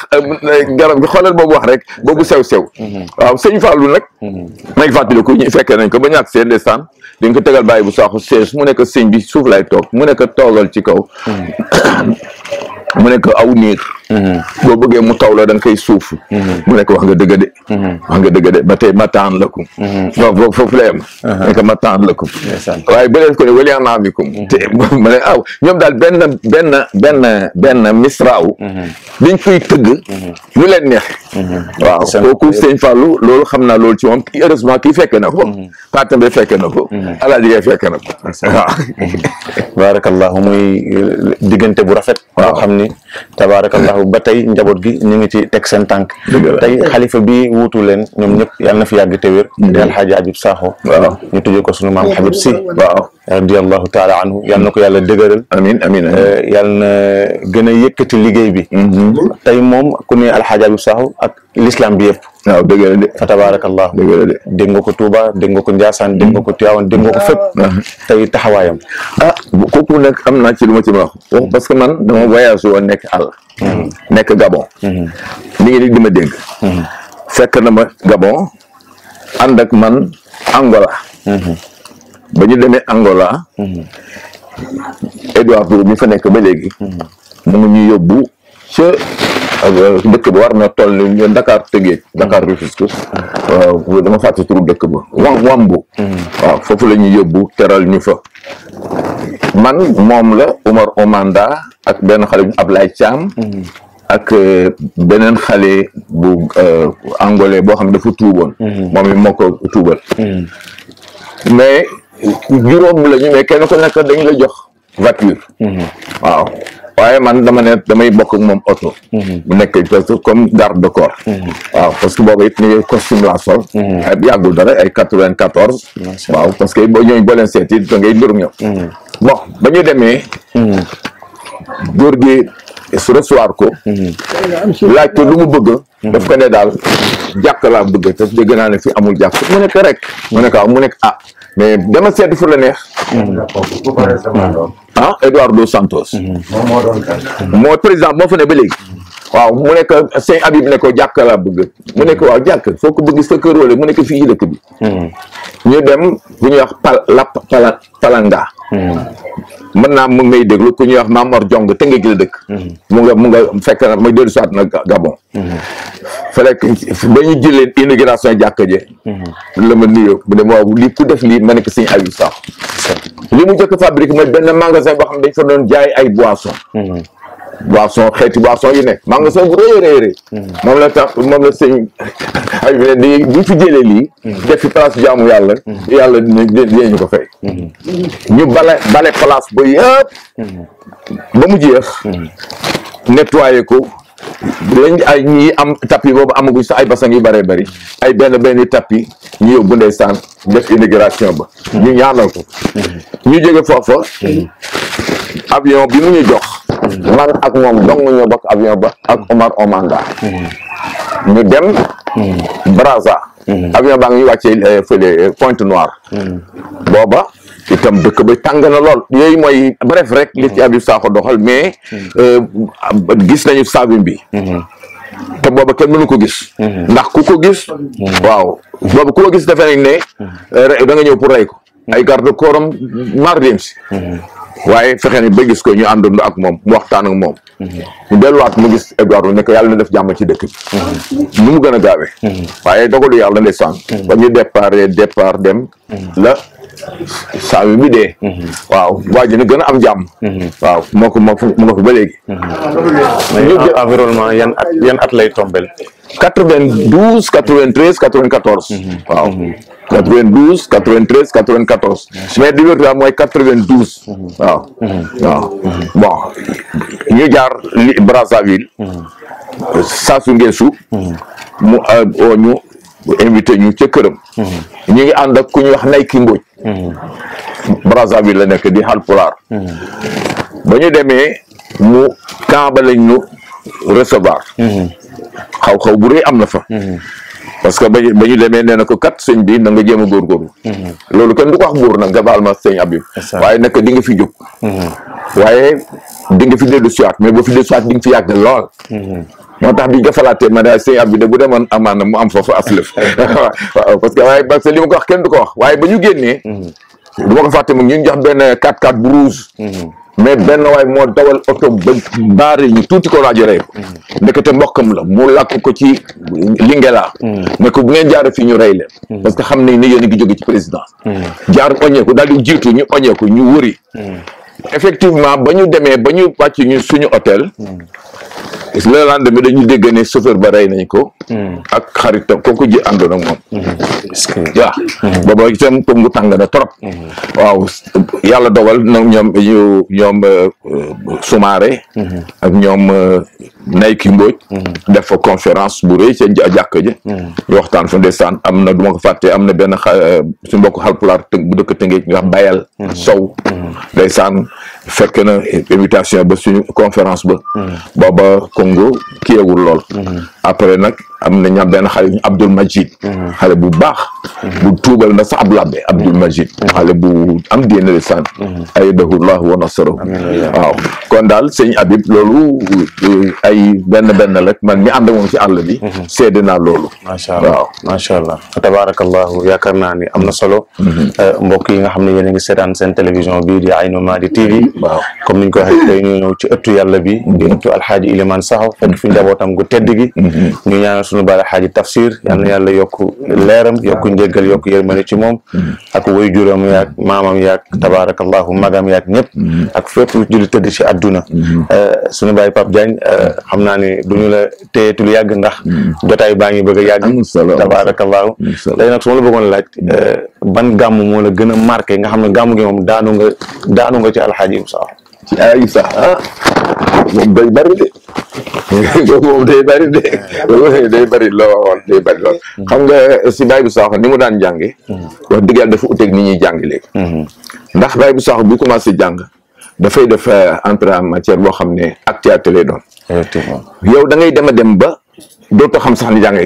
B: garab gi xoolal boobu wax rek boobu sew sew. Mhm. waaw sëñ Fallou nag. Mhm. may fàttali ko ñu fekkee nañ ko ba ñàkk seen ndeysaan di nga ko tegal bàyyi bu saaxu sees mu nekk sëñ bi suuf lay toog mu nekk toogal ci kaw. Mhm. [COUGHS] mu nekk aw Mm-hmm. boo bëggee mu taw la da nga koy suuf. Mm-hmm. mu nekk wax nga dëgg de. Mm-hmm. wax nga dëgg de ba tey ma taan la ko. foofu foofu la yem. Uh-huh. nekk ma taan la ko. waaye ba ko ne wali naa bi ko. ma ne ah, ñoom daal benn benn benn benn misraaw. liñ fiy tëgg. lu leen neex. waaw kooku sëñ Fallou loolu xam naa loolu ci moom heureusement kii fekk na ko. Patembe fekk na ko.
C: Alaaji Gaye fekk na ko. waaw. baarakallahu muy diggante bu rafet. waaw xam ni tabaarakallahu ba tey njaboot gi ñu ngi ci teg seen tànk tey xalifa bi wuutu leen ñoom ñëpp yal na fi yàgg te wér di alxaaji Habib Sakho waaw ñu tujjee ko sunu maam Habib Sy waaw radiallahu taala anhu yal na ko yàlla dëgëral amiin amiin yal na gën a yëkkati liggéey bi tey moom ku ne alxaaji Habib Sakho ak l'islam bi yëpp waaw dëgg la de fa tabaarakallah dëgg la de dégg nga ko Touba dégg nga ko Ndiassane dégg nga ko Tivaouane dégg nga ko fépp tey taxawaayam ah
B: am naa ci lu ma ci wax hmm. parce que man dama voyage woon nekk àll hmm. nekk Gabon mi ngi ni di ma dégg hmm. fekk na ma Gabon ànd ak man Angola ba ñu demee Angola Edouard Touré fa nekk ba léegi mu ngi ñu yóbbu ca ak euh, dëkk ba war na toll ni Dakar Tëngéej. Dakar Rufisque. waaw mm-hmm. euh, dama fàtte turu dëkk ba. wam wambu. Mm-hmm. waaw foofu la ñuy yóbbu teral ñu fa. man moom la Umar Omanda ak benn xale bu Ablaye Thiam. Mm-hmm. ak euh, beneen xale bu angolais boo xam ne dafa tuuboon. moom it moo ko tuubal. mais juróom la ñu mais kenn ku nekk dañ la jox voiture. waaw. waaye man dama ne damay bokk ak moom oto. Mhm. mu nekk comme garde de corps. Mhm. waaw parce que boobu it ni costume laa sol. Mhm. ak yàggul dara ay quatre-vingt-quatorze. waaw parce que boo ñëwee boo leen seeti da ngay ndur ñëw. bon ba ñu demee. góor gi su recevoir ko. laaj ko lu mu bëgg. daf ko ne daal jàkk laa bëgg te dégg naa ne fi amul jàkk mu nekk rek. mu nekk ah mu nekk ah mais dama seeti fu la neex. ah Eduardo Santos. Mhm.
C: moom moo doon
B: moo président moo fa ne ba léegi. waaw mu nekk Sëñ Habib ne ko jàkka laa bëgg mu nekk waaw jàkk foo ko bëgg sa kër wala mu nekk fii dëkk bi. Mhm. ñu dem bu ñuy wax pal lap pala palanga. Mhm. mën naa mu ngay déglu ku ñuy wax Mamor Jong te nga gis dëkk. mu nga fekk na ma dellu soit na Gabon. fële ba ñu jëlee inauguration jàkka je. la ma nuyoo bu dem waaw lii ku def lii ma nekk Sëñ Habib sax. li mu njëkk fabrique mooy benn magasin boo xam ne dañ fa doon jaay ay boisson mhm. boisson xeeti boisson yu nekk magasin bu rëy rëy rëy mhm. moom la tax moom la sëñ [LAUGHS] ay bi ne di buñ fi jëlee lii mhm. def fi place jaamu yàlla yàlla dinañu ko fay ñu bale bale place ba yëpp ba mu jeex nettoyé ko léegi ay ñii am tapis am amaguñ sax ay basang yu bëree bari ay benn benn tapis ñu yóbbu ndeysaan def inauguration ba ñu ñaanal ko ñu jóge foofa avion bi mu ñu jox man ak moom dong ñoo bokk avion ba ak Omar Omanda ñu dem Brazza mm-hmm. avion baa ngi ñu wàccee euh, fële euh, Pointe Noire mm-hmm. booba itam dekk ba tangana na lool moy bref rek li ci hmm. abdou Sakho doxal mais hmm. eh, gis nañu saabim bi te bobu hmm. kenn mënu ko gis ndax ku ko gis waw bobu ku ko gis defe nañ ne eh, da nga ñew pour ray ko ay garde corps mardiens waye dem ni ba gis ko ñu andu ak mom waxtaan ak mom ñu delluwaat mu gis Edouard eh, ne ko yalla na def jamm ci dekk bi mu gën kan a gaawee waaye dogalu yàlla sang ba ñu départ ya, départ dem la saabu bi wow mhm. waaw waa ni gëna am jam mhm. waaw moko moko moo ko moo ko ba
A: mhm.
B: environnement yan at yan at lay tombel 92 93 94 wow waaw 92 93 94 mais di wér mooy 92 wow wow waaw waaw bon ñu jaar Brazzaville su ngeesu mu euh, oo ñu bu invité ñu ca këram. Mhm. ñu ngi ànd ak ku ñuy wax Nayki Mbodj. Mhm. Brazzaville la nekk di Halpulaar. Mhm. ba ñu demee mu camp ba lañ ñu recevoir. xaw-xaw bu rëy am na fa. parce que ba ñu ba demee nee na ko kat sëñ bi na nga jéem a góorgóorlu. loolu kenn du ko wax buur nag nga baal ma sëñ Abib. waaye nag di nga fi jóg. waaye di nga fi dellu siwaat mais boo fi dellu siwaat di nga fi yàgg lool. moo tax bi ko falaatee ma daal sëñ ab bi de bu demoon amaan na mu am foofu af lëf [LAUGHS] waaw parce que li ma ko wax kenn du ko wax waaye ba ñu génnee mhm. du ma ko fàtte mu ñu jax benn 4 x bu rouge mhm. mais benn waay moo dawal oto ba baare ñu tuuti ko rajo rey ko mhm. ndekete mbokkam la mu làkk ko ci Lingela ne ko bu ngeen jaar fii ñu rey leen parce que xam nañ ne yéen a ngi jóge ci président jaar oñeeku daal di jiitu ñu oñeeku ñu wëri effectivement ba ñu demee ba ñu wàcc ñu suñu hôtel parce que le lendemain dañu dégg ne chauffeur ba rey nañ ko. Hmm. ak xaritam kooku ji àndoon ak moom.
C: waaw hmm.
B: hmm. booba itam comme mu tàng na trop. waaw yàlla dogal na ñoom ñu ñoom euh, Soumaré. ak ñoom euh, Nayki Mbodj. def fa conférence bu rëy ca jàkka ji. ñu waxtaan fa ndeysaan am na du ma fàtte am na benn xa euh, suñu mbokku Haalpulaar bu dëkk Tëngéej ñu Bayal. Sow ndeysaan. fekk na invitation ba suñu conférence ba. Hmm. booba Congo kiyewul lool. Hmm. après nag am na ñam benn xale Abdoul Majid mm-hmm. xale bu baax mm-hmm. bu tuubal na sax ab labbe Abdoul mm-hmm. Majid xale bu am diine lisaan aydahullah wa nasarahu waaw kon daal sëñ Habib loolu eh, ay benn benn rek man mi ànd moom
C: si àll bi seede naa loolu macha allah waaw macha allah tabaarakallahu yaakaar naa ni am na solo eh, mbokk yi nga xam ne yéen a ngi seetaan seen télévision bii di Aïnou Mady TV waaw comme koy ko waxee tey ñu ñëw ci bi di ëttu alxaaji Iliman Saxo fekk fi njabootam gu sunu baal xaaji tafsir mm-hmm. yal na yàlla yokk leeram mm-hmm. yokk njëggal yokk yërmande ci moom mm-hmm. ak way juram yaak maamam yaak tabarakallahu magam yaak ñëpp ak fépp julli tëdd ci àdduna eh, sunu baay Pape Diagne eh, xam naa ne du ñu la téyetul yàgg ndax jotaay baa ngi bëgg a yàgg tabarakallahu léegi nag su ma la bëggoon laaj eh, ban gàmm moo la gën a marqué nga xam ne gàmm gi moom daanu nga daanu nga ci alxaaji Moussa caayi sahaa ah, moom day bari de [LAUGHS]
B: moom day bari de [LAUGHS] day bari lool day bari lool mm-hmm. xam nga eh, si Baye bu Sakho ni mu daan jànge mm-hmm. wax dëgg yàlla dafa uteeg ni ñuy jàng ndax Baye bu Sakho commencé jàng dafay def eh, entrée matière boo xam ne ak théâtre doon yow da ngay dem ba dootoo xam sax ni jàng yi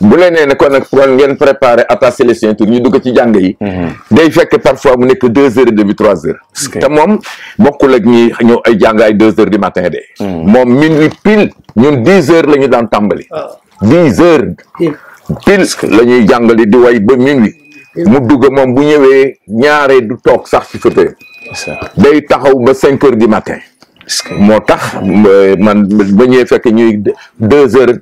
B: bu leen nee ne kon nag kon ngeen préparé à ta sélection tour ñu dugg ci jàng yi. Mhm. day fekk parfois mu nekk deux heures et demie trois heures. te moom bokkul ak ñi ñëw ay jàng ay deux heures du matin de. Mhm. moom minuit pile ñun dix heures la ñu daan tàmbali. Ah. dix heures. pil la ñuy jàngali di way ba minuit. mu dugg moom bu ñëwee ñaaree du toog sax ci fauteuil. day taxaw ba cinq heures du matin. moo tax euh, man ba ñuy fekk ñuy deux heures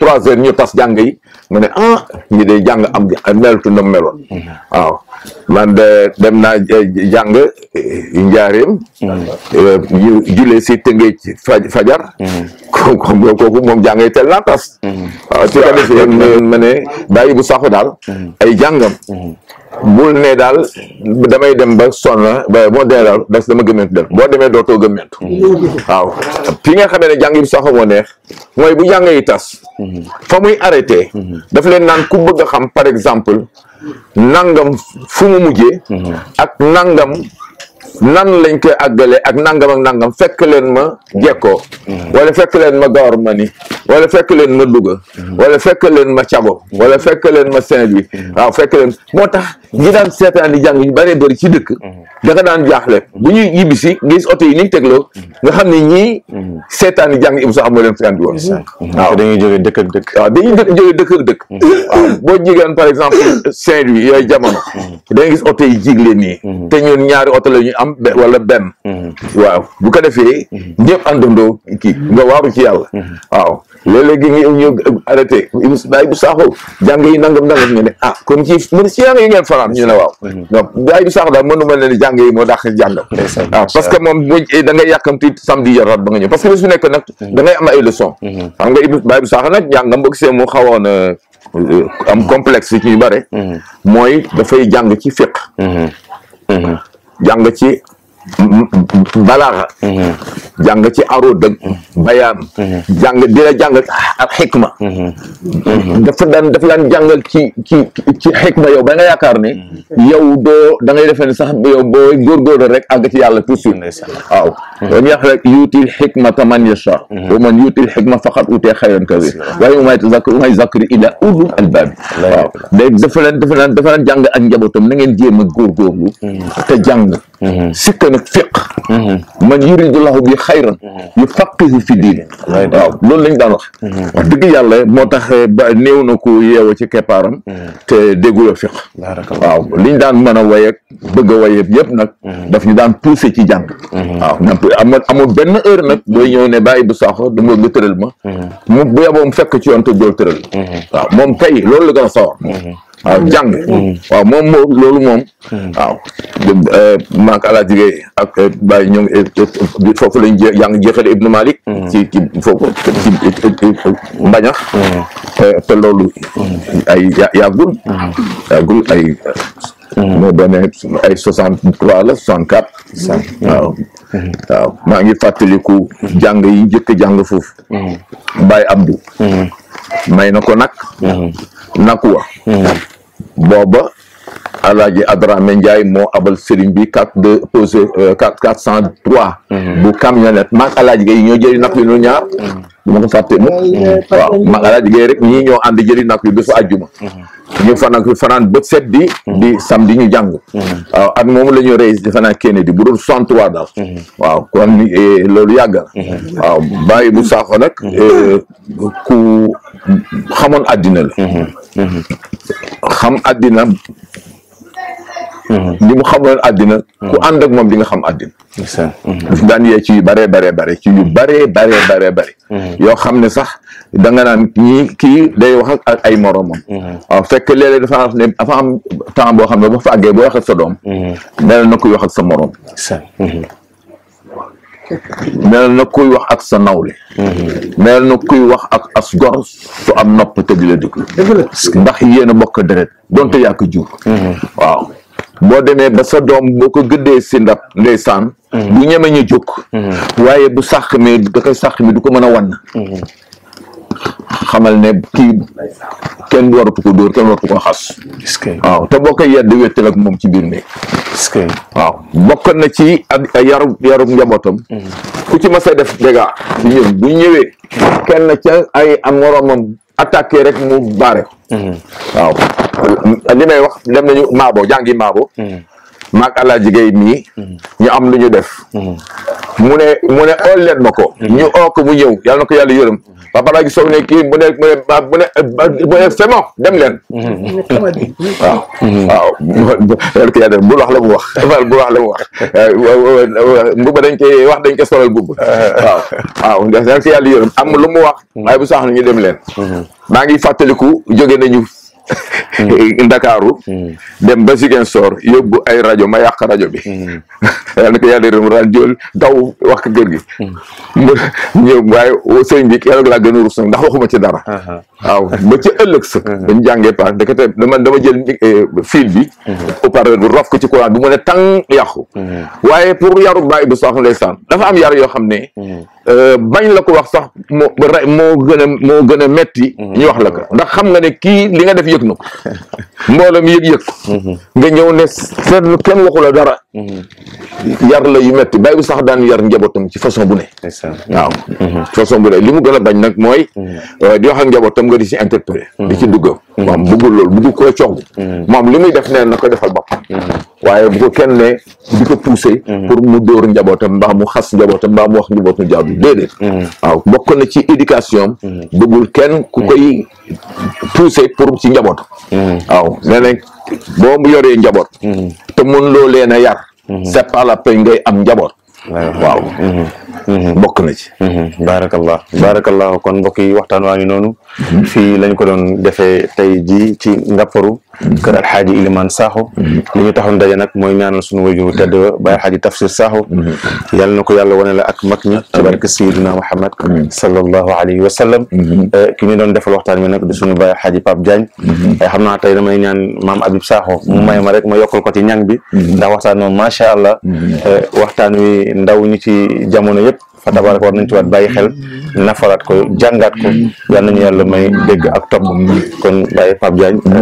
B: trois heures ñu tas jàng yi ma ne ah ñi de jàng am meltu na meloon mm-hmm. waaw man de dem naa euh, jàng euh, njaareem mm-hmm. ñu julee si tëngee fajar mm-hmm. kooku moom jàng yi tel naa tas waaw ci ko ne bàyyi bu saxu daal ay jàngam bul ne daal damay dem ba sonn ba boo demee daal dama gëmmentu dem boo demee dootoo gëmmentu waaw fi nga xamee ne jàng bi sax moo neex mooy bu jàng yi tas fa muy arrêté dafa leen naan ku bëgg a xam par exemple nangam fu mu mujjee ak nangam nan lañ koy àggale ak nangam ak nangam fekk leen ma jekkoo wala fekk leen ma gawar mani wala fekk leen ma Louga wala fekk leen ma Thiago wala fekk leen ma Saint-Louis waaw fekk leen moo tax ñi daan seetaan di jàng ñu bare bëri ci dëkk mhm. da nga daan jaaxle bu ñuy yibbisi gis oto yi niñ tegloo mhm. nga xam ne ñii mhm. seetaan di jàng Ibou Sakho moo leen fi andi woon
C: waaw dañuy jógee
B: dëkk ak dëkk waaw dañuy jógee dëkk ak dëkk waaw [CLEARS THROAT] boo jigéen par exemple Saint-Louis yooyu jamono dangay gis oto yi jig leen nii te ñun ñaari oto la ñu am wala benn waaw bu ko defee ñëpp àndandoo ki nga waaru ci yàlla waaw léeg-léegi nga ñëw euh, arrêté bàyyi bu saaxoo jàng yi nangam nangam ñu ne ah kon ci mun si jàng yi ngeen fanaan ñu ne waaw mhm. donc bàyyi bu saaxoo daal mënuma leen jàng yi moo dàq jàngam waaw parce que moom bu eh, da ngay yàkkamti samedi yoraat ba nga ñëw parce nag mhm. da ngay am ay leçon mhm. xam nga bàyyi bu saaxoo nag jàngam boo gisee mu xawoon euh, euh, am complexe ci ñu bare mooy dafay jàng ci fiq jàng ci balaaxa mm-hmm. jàng ci aro dëgg mm-hmm. bayaan mm-hmm. jàng di la jàngal ak xikma dafa daan dafa daan jàngal ci ci ci xikma yow ba nga yaakaar ne yow doo da ngay defee ne sax yow boo góorgóorlu rek àgg ci yàlla tout suite waaw dañuy wax rek yuutil xikmata man yasha wa man yuutil xikma faqat utee xayran kabir waaye umay zakri umay zakri ila ulul albab waaw léegi dafa leen dafa leen dafa leen jàng ak njabootam na ngeen jéem a góorgóorlu te jàng Mm-hmm. sikka nag fiq mm-hmm. man yuridullahu bi xayran mm-hmm. yu faqihu fi diin waaw loolu lañ daan wax wax dëgg yàlla moo tax eh, ba néew na ku yeewa ci keppaaram te déggula fiq waaw liñ daan mën a wayeeg bëgg a wayeeg yëpp nag daf ñu daan poussé ci jàng waaw am amul benn heure nag booy ñëw ne bàyyi bu saaxo dama nga tëral ma bu yaboom fekk ci yoon te dool tëral moom kay loolu la a sawar waaw mm. jàng. Mm. waaw moom moom loolu moom. Mm. waaw euh, maak Alaaji Gaye ak ñoom euh, foofu lañ jé yaa ngi jeexale Ibnu Malik. Mbañax. te loolu. ay ya yaagul. ay. soixante trois la soixante quatre. waaw waaw maa ngi fàttaliku. jàng yi njëkk jàng foofu. Baye Abdou. may na ko nag. Mm-hmm. naku wa mm-hmm. booba Alaaji Adrame Ndiaye moo abal sëriñ bi quatre deux pose euh, quatre cent trois mhm. bu camionnette maag Alaaji Gaye ñoo jëri nag yu nu ñaar mhm. du ma ko fàtte mu waaw maag Alaaji Gaye rek ñii ñoo ànd jëri nag yu bésu àjjuma mhm. ñu fanaan bët set di di samedi ñu jàng waaw at moomu rey fanaan kenn bu doon soixante-trois daal waaw kon eh, loolu yàgg na waaw bàyyi bu saaxo nag eh, ku xamoon àddina xam àddina li mm-hmm. mu xamoon àddina ku mm-hmm. ànd ak moom di nga xam àddina mm-hmm. daf daan yee ci yu baree baree bare ci yu baree baree baree bare yoo xam ne sax da nga naan ñii kii day wax ak ay moromam waaw ah, fekk léeg-léeg dafa am ne am temps boo xam ne boo fa àggee boo wax ak sa doom
C: nee
B: na koy wax ak sa morom mel na kuy wax ak sa nawle mel na kuy wax ak as gor am nopp te la déglu ndax yéen a bokk deret donte yaa ko jur waaw boo demee ba sa doom boo ko gëddee si ndab ndeysaan mm-hmm. du ñeme ñu jóg mm-hmm. waaye bu sàq mi da koy sàq mi du ko mën a wann mm-hmm. xamal ne kii kenn waratu ko dóor kenn waratu ko xas waaw te boo koy yedd wettal ak moom ci biir
C: néeg
B: waaw bokk na ci ak yaru yaru njabootam ku ci mas a def déga bu ñëwee kenn ca ay am attaqué rek mu baare ko mm-hmm. waaw li may wax dem nañu maabo jàngi maabo mm-hmm. maag Alaaji Gay mii ñu am lu ñu def mu ne mu ne ool leen ma ko ñu oo ko mu ñëw yàlla na ko yàlla yërëm papara gi soog ne kii mu ne mu ne mu ne mu ne c'est dem leen
A: waaw waaw
B: yàlla ko yàlla bul wax la mu wax bul wax la mu wax mbubb dañ koy wax dañ koy solal mbubb waaw waaw yàlla ko yàlla yërëm am lu mu wax waaye bu sax ñu dem leen mm-hmm. maa ngi fàttaliku jóge nañu Mm. [LAUGHS] ndakaaru mm. dem ba Ziguinchor yóbbu ay rajo ma yàq rajo bi mm. [LAUGHS] yàlla na ko yàlla rëm raan jool daw wax kër gi [LAUGHS] ñëw waaye sëñ bi keroog laa gën a rus ndax waxuma ci dara
A: waaw
B: ba ci ëllëg sa dañ jàngee paa ndekete dama dama jël eh, fil bi opérateur bi rof ko ci courant bi mu ne tàng yàqu waaye pour yaru bàyyi bu soo xam ndeysaan dafa am yar yoo xam ne Euh, bañ la ko wax sax moo moo gën a moo gën a metti mhm. ñu wax la ko ndax xam nga ne kii li nga def yëg na ko [LAUGHS] mbooloo mi yëg-yëg mhm. nga ñëw ne seetlu kenn waxu la dara
C: mhm.
B: yar la yu metti bàyyi bu sax daan yar njabootam ci façon bu ne waaw façon bu ne li mu gën a bañ nag mooy di wax ak njabootam nga di ci interpellé di ci dugg moom bëggul loolu bëggul koy cong moom li muy def nee na ko defal boppam mm. waaye bu ko kenn ne di ko poussé mm. pour mu dóor njabootam mbaa mu xas njabootam mbaa mu wax njabootam jaabu déedéet mm. waaw bokk na ci éducation bëggul kenn ku koy poussé pour ci njabootam waaw nee nañ boo mu yoree njaboot te mun loo leen a yar c'est pas la peine ngay am njaboot
C: waaw mm-hmm. Mm-hmm. bokk na ci mhm. baarakallah baarakallah kon mbokk yi waxtaan waa ngi noonu mhm. fii lañ ko doon defee tey ji ci ngàpparu mhm. kër alxaaji iliman saaxo li ñu taxoon daje nag mooy ñaanal suñu wajuru tedd ba alxaaji tafsir saaxo yàlla na ko yàlla wane la ak mag ñi ci barke sayidina muhammad sallallahu alayhi wa sallam eh, ki ñu doon defal waxtaan mi nag di suñu baay alxaaji Pape Diagne eh, xam naa tey damay ñaan maam Habib Sakho mu may ma rek ma yokkal ko ci ñang bi ndax waxtaan moom macha allah eh, waxtaan wi ndaw ñi ci jamono yëpp fa tabaraka war nañ ci waat bàyyi xel mm-hmm. nafaraat ko jàngaat ko mm-hmm. yal nañu yàlla may dégg ak topp kon bàyyi Pape Diagne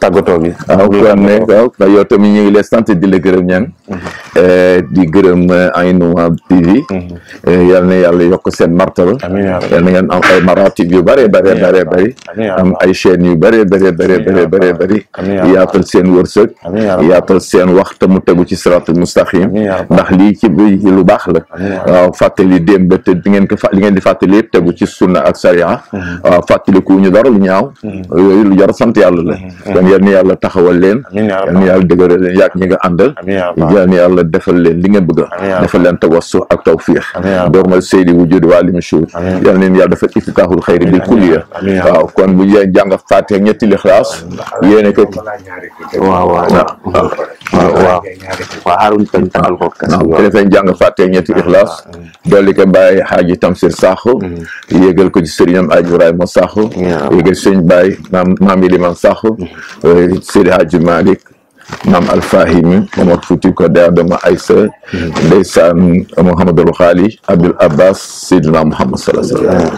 C: tàggatoo bi ah, waaw kon ne waaw
B: yow tamit ñu ngi lay sant di la gërëm ñaan mm-hmm. eh, di gërëm eh, Aïnoua TV eh, yal na yàlla yokk seen martaba yal na ngeen am ay maratib yu bëree bare bare bare am ay chaînes yu bëree bare bare bare bare bëri yaatal seen wërsëg yaatal seen waxta mu tegu ci siraatul mustaqim ndax lii ci lu baax la waaw fàttali démb te di ngeen ko li ngeen di fàttali yëpp tegu ci sunna ak sariya waaw mm-hmm. ah, fàttaliku ñu dara lu ñaaw mm-hmm. yooyu lu jar sant yàlla la mm-hmm. kon yal na yàlla taxawal leen yal na yàlla dëgëral leen yaag ñi nga àndal yal na yàlla defal leen li ngeen bëgg a defal leen tawassu ak tawfiix doormal ma wujud waa limu shuur yal neen yàlla dafa iftitaaxul xayri bi kulliya waaw kon bu ñu jàng fàtte ñetti lixlaas yéene ko waaw waaw waaw waaw xaaruñ tañ taxal ko keneen jàng fàtte ñetti ixlaas ah, ah. dolli ko bàyyi xaaji tamsir Sakho mm-hmm. yéegal ko ci sëriñam aji Ibrahima Sakho yéegal sëñ bàyyi maam maam Iliman Sakho mm-hmm. eh, sëriñ Haji Malick maam alfahimi omar fuuti ko de adama aysa xaali abdul abbas seydina mouhamad sallallahu alayhi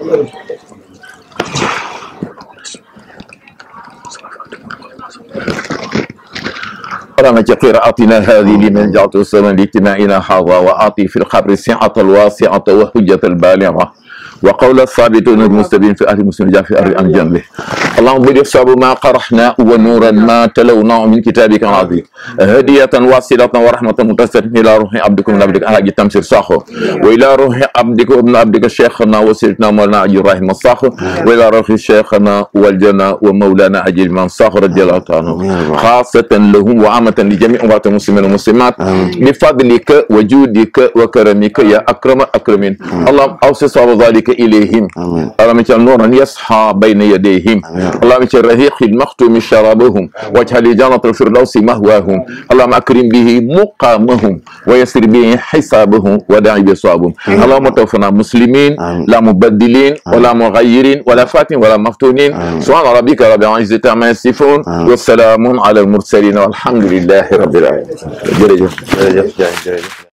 B: wa رمج اعطنا هذه لمن جعلت السلام لاجتماعنا حظا وأعطي في القبر سعه الواسعة وهجة البالغة وقول الثابت ان المستبين في أهل مسلم جاء في ارض عن جنبه اللهم بيد صاب ما قرحنا ونورا ما تلونا من كتابك العظيم هدية واصلة ورحمة متسلة إلى روح عبدك من عبدك أنا تمسير صاخو وإلى روح عبدك وابن عبدك شيخنا وسيدنا مولانا عبد الرحيم الصاخو وإلى روح شيخنا والجنا ومولانا عجل من صاخو رضي الله تعالى خاصة لهم وعامة لجميع أمة المسلمين والمسلمات بفضلك وجودك وكرمك يا أكرم أكرمين اللهم أوصي صواب ذلك إليهم آمين. اللهم اجعل نورا يسحى بين يديهم آمين. اللهم اجعل رهيق المختوم شرابهم واجعل جنة الفردوس مهواهم اللهم أكرم به مقامهم ويسر به حسابهم ودع بصابهم اللهم توفنا مسلمين لا مبدلين ولا مغيرين ولا فاتن ولا مفتونين سبحان ربك رب العزة عما يصفون والسلام على المرسلين والحمد لله رب العالمين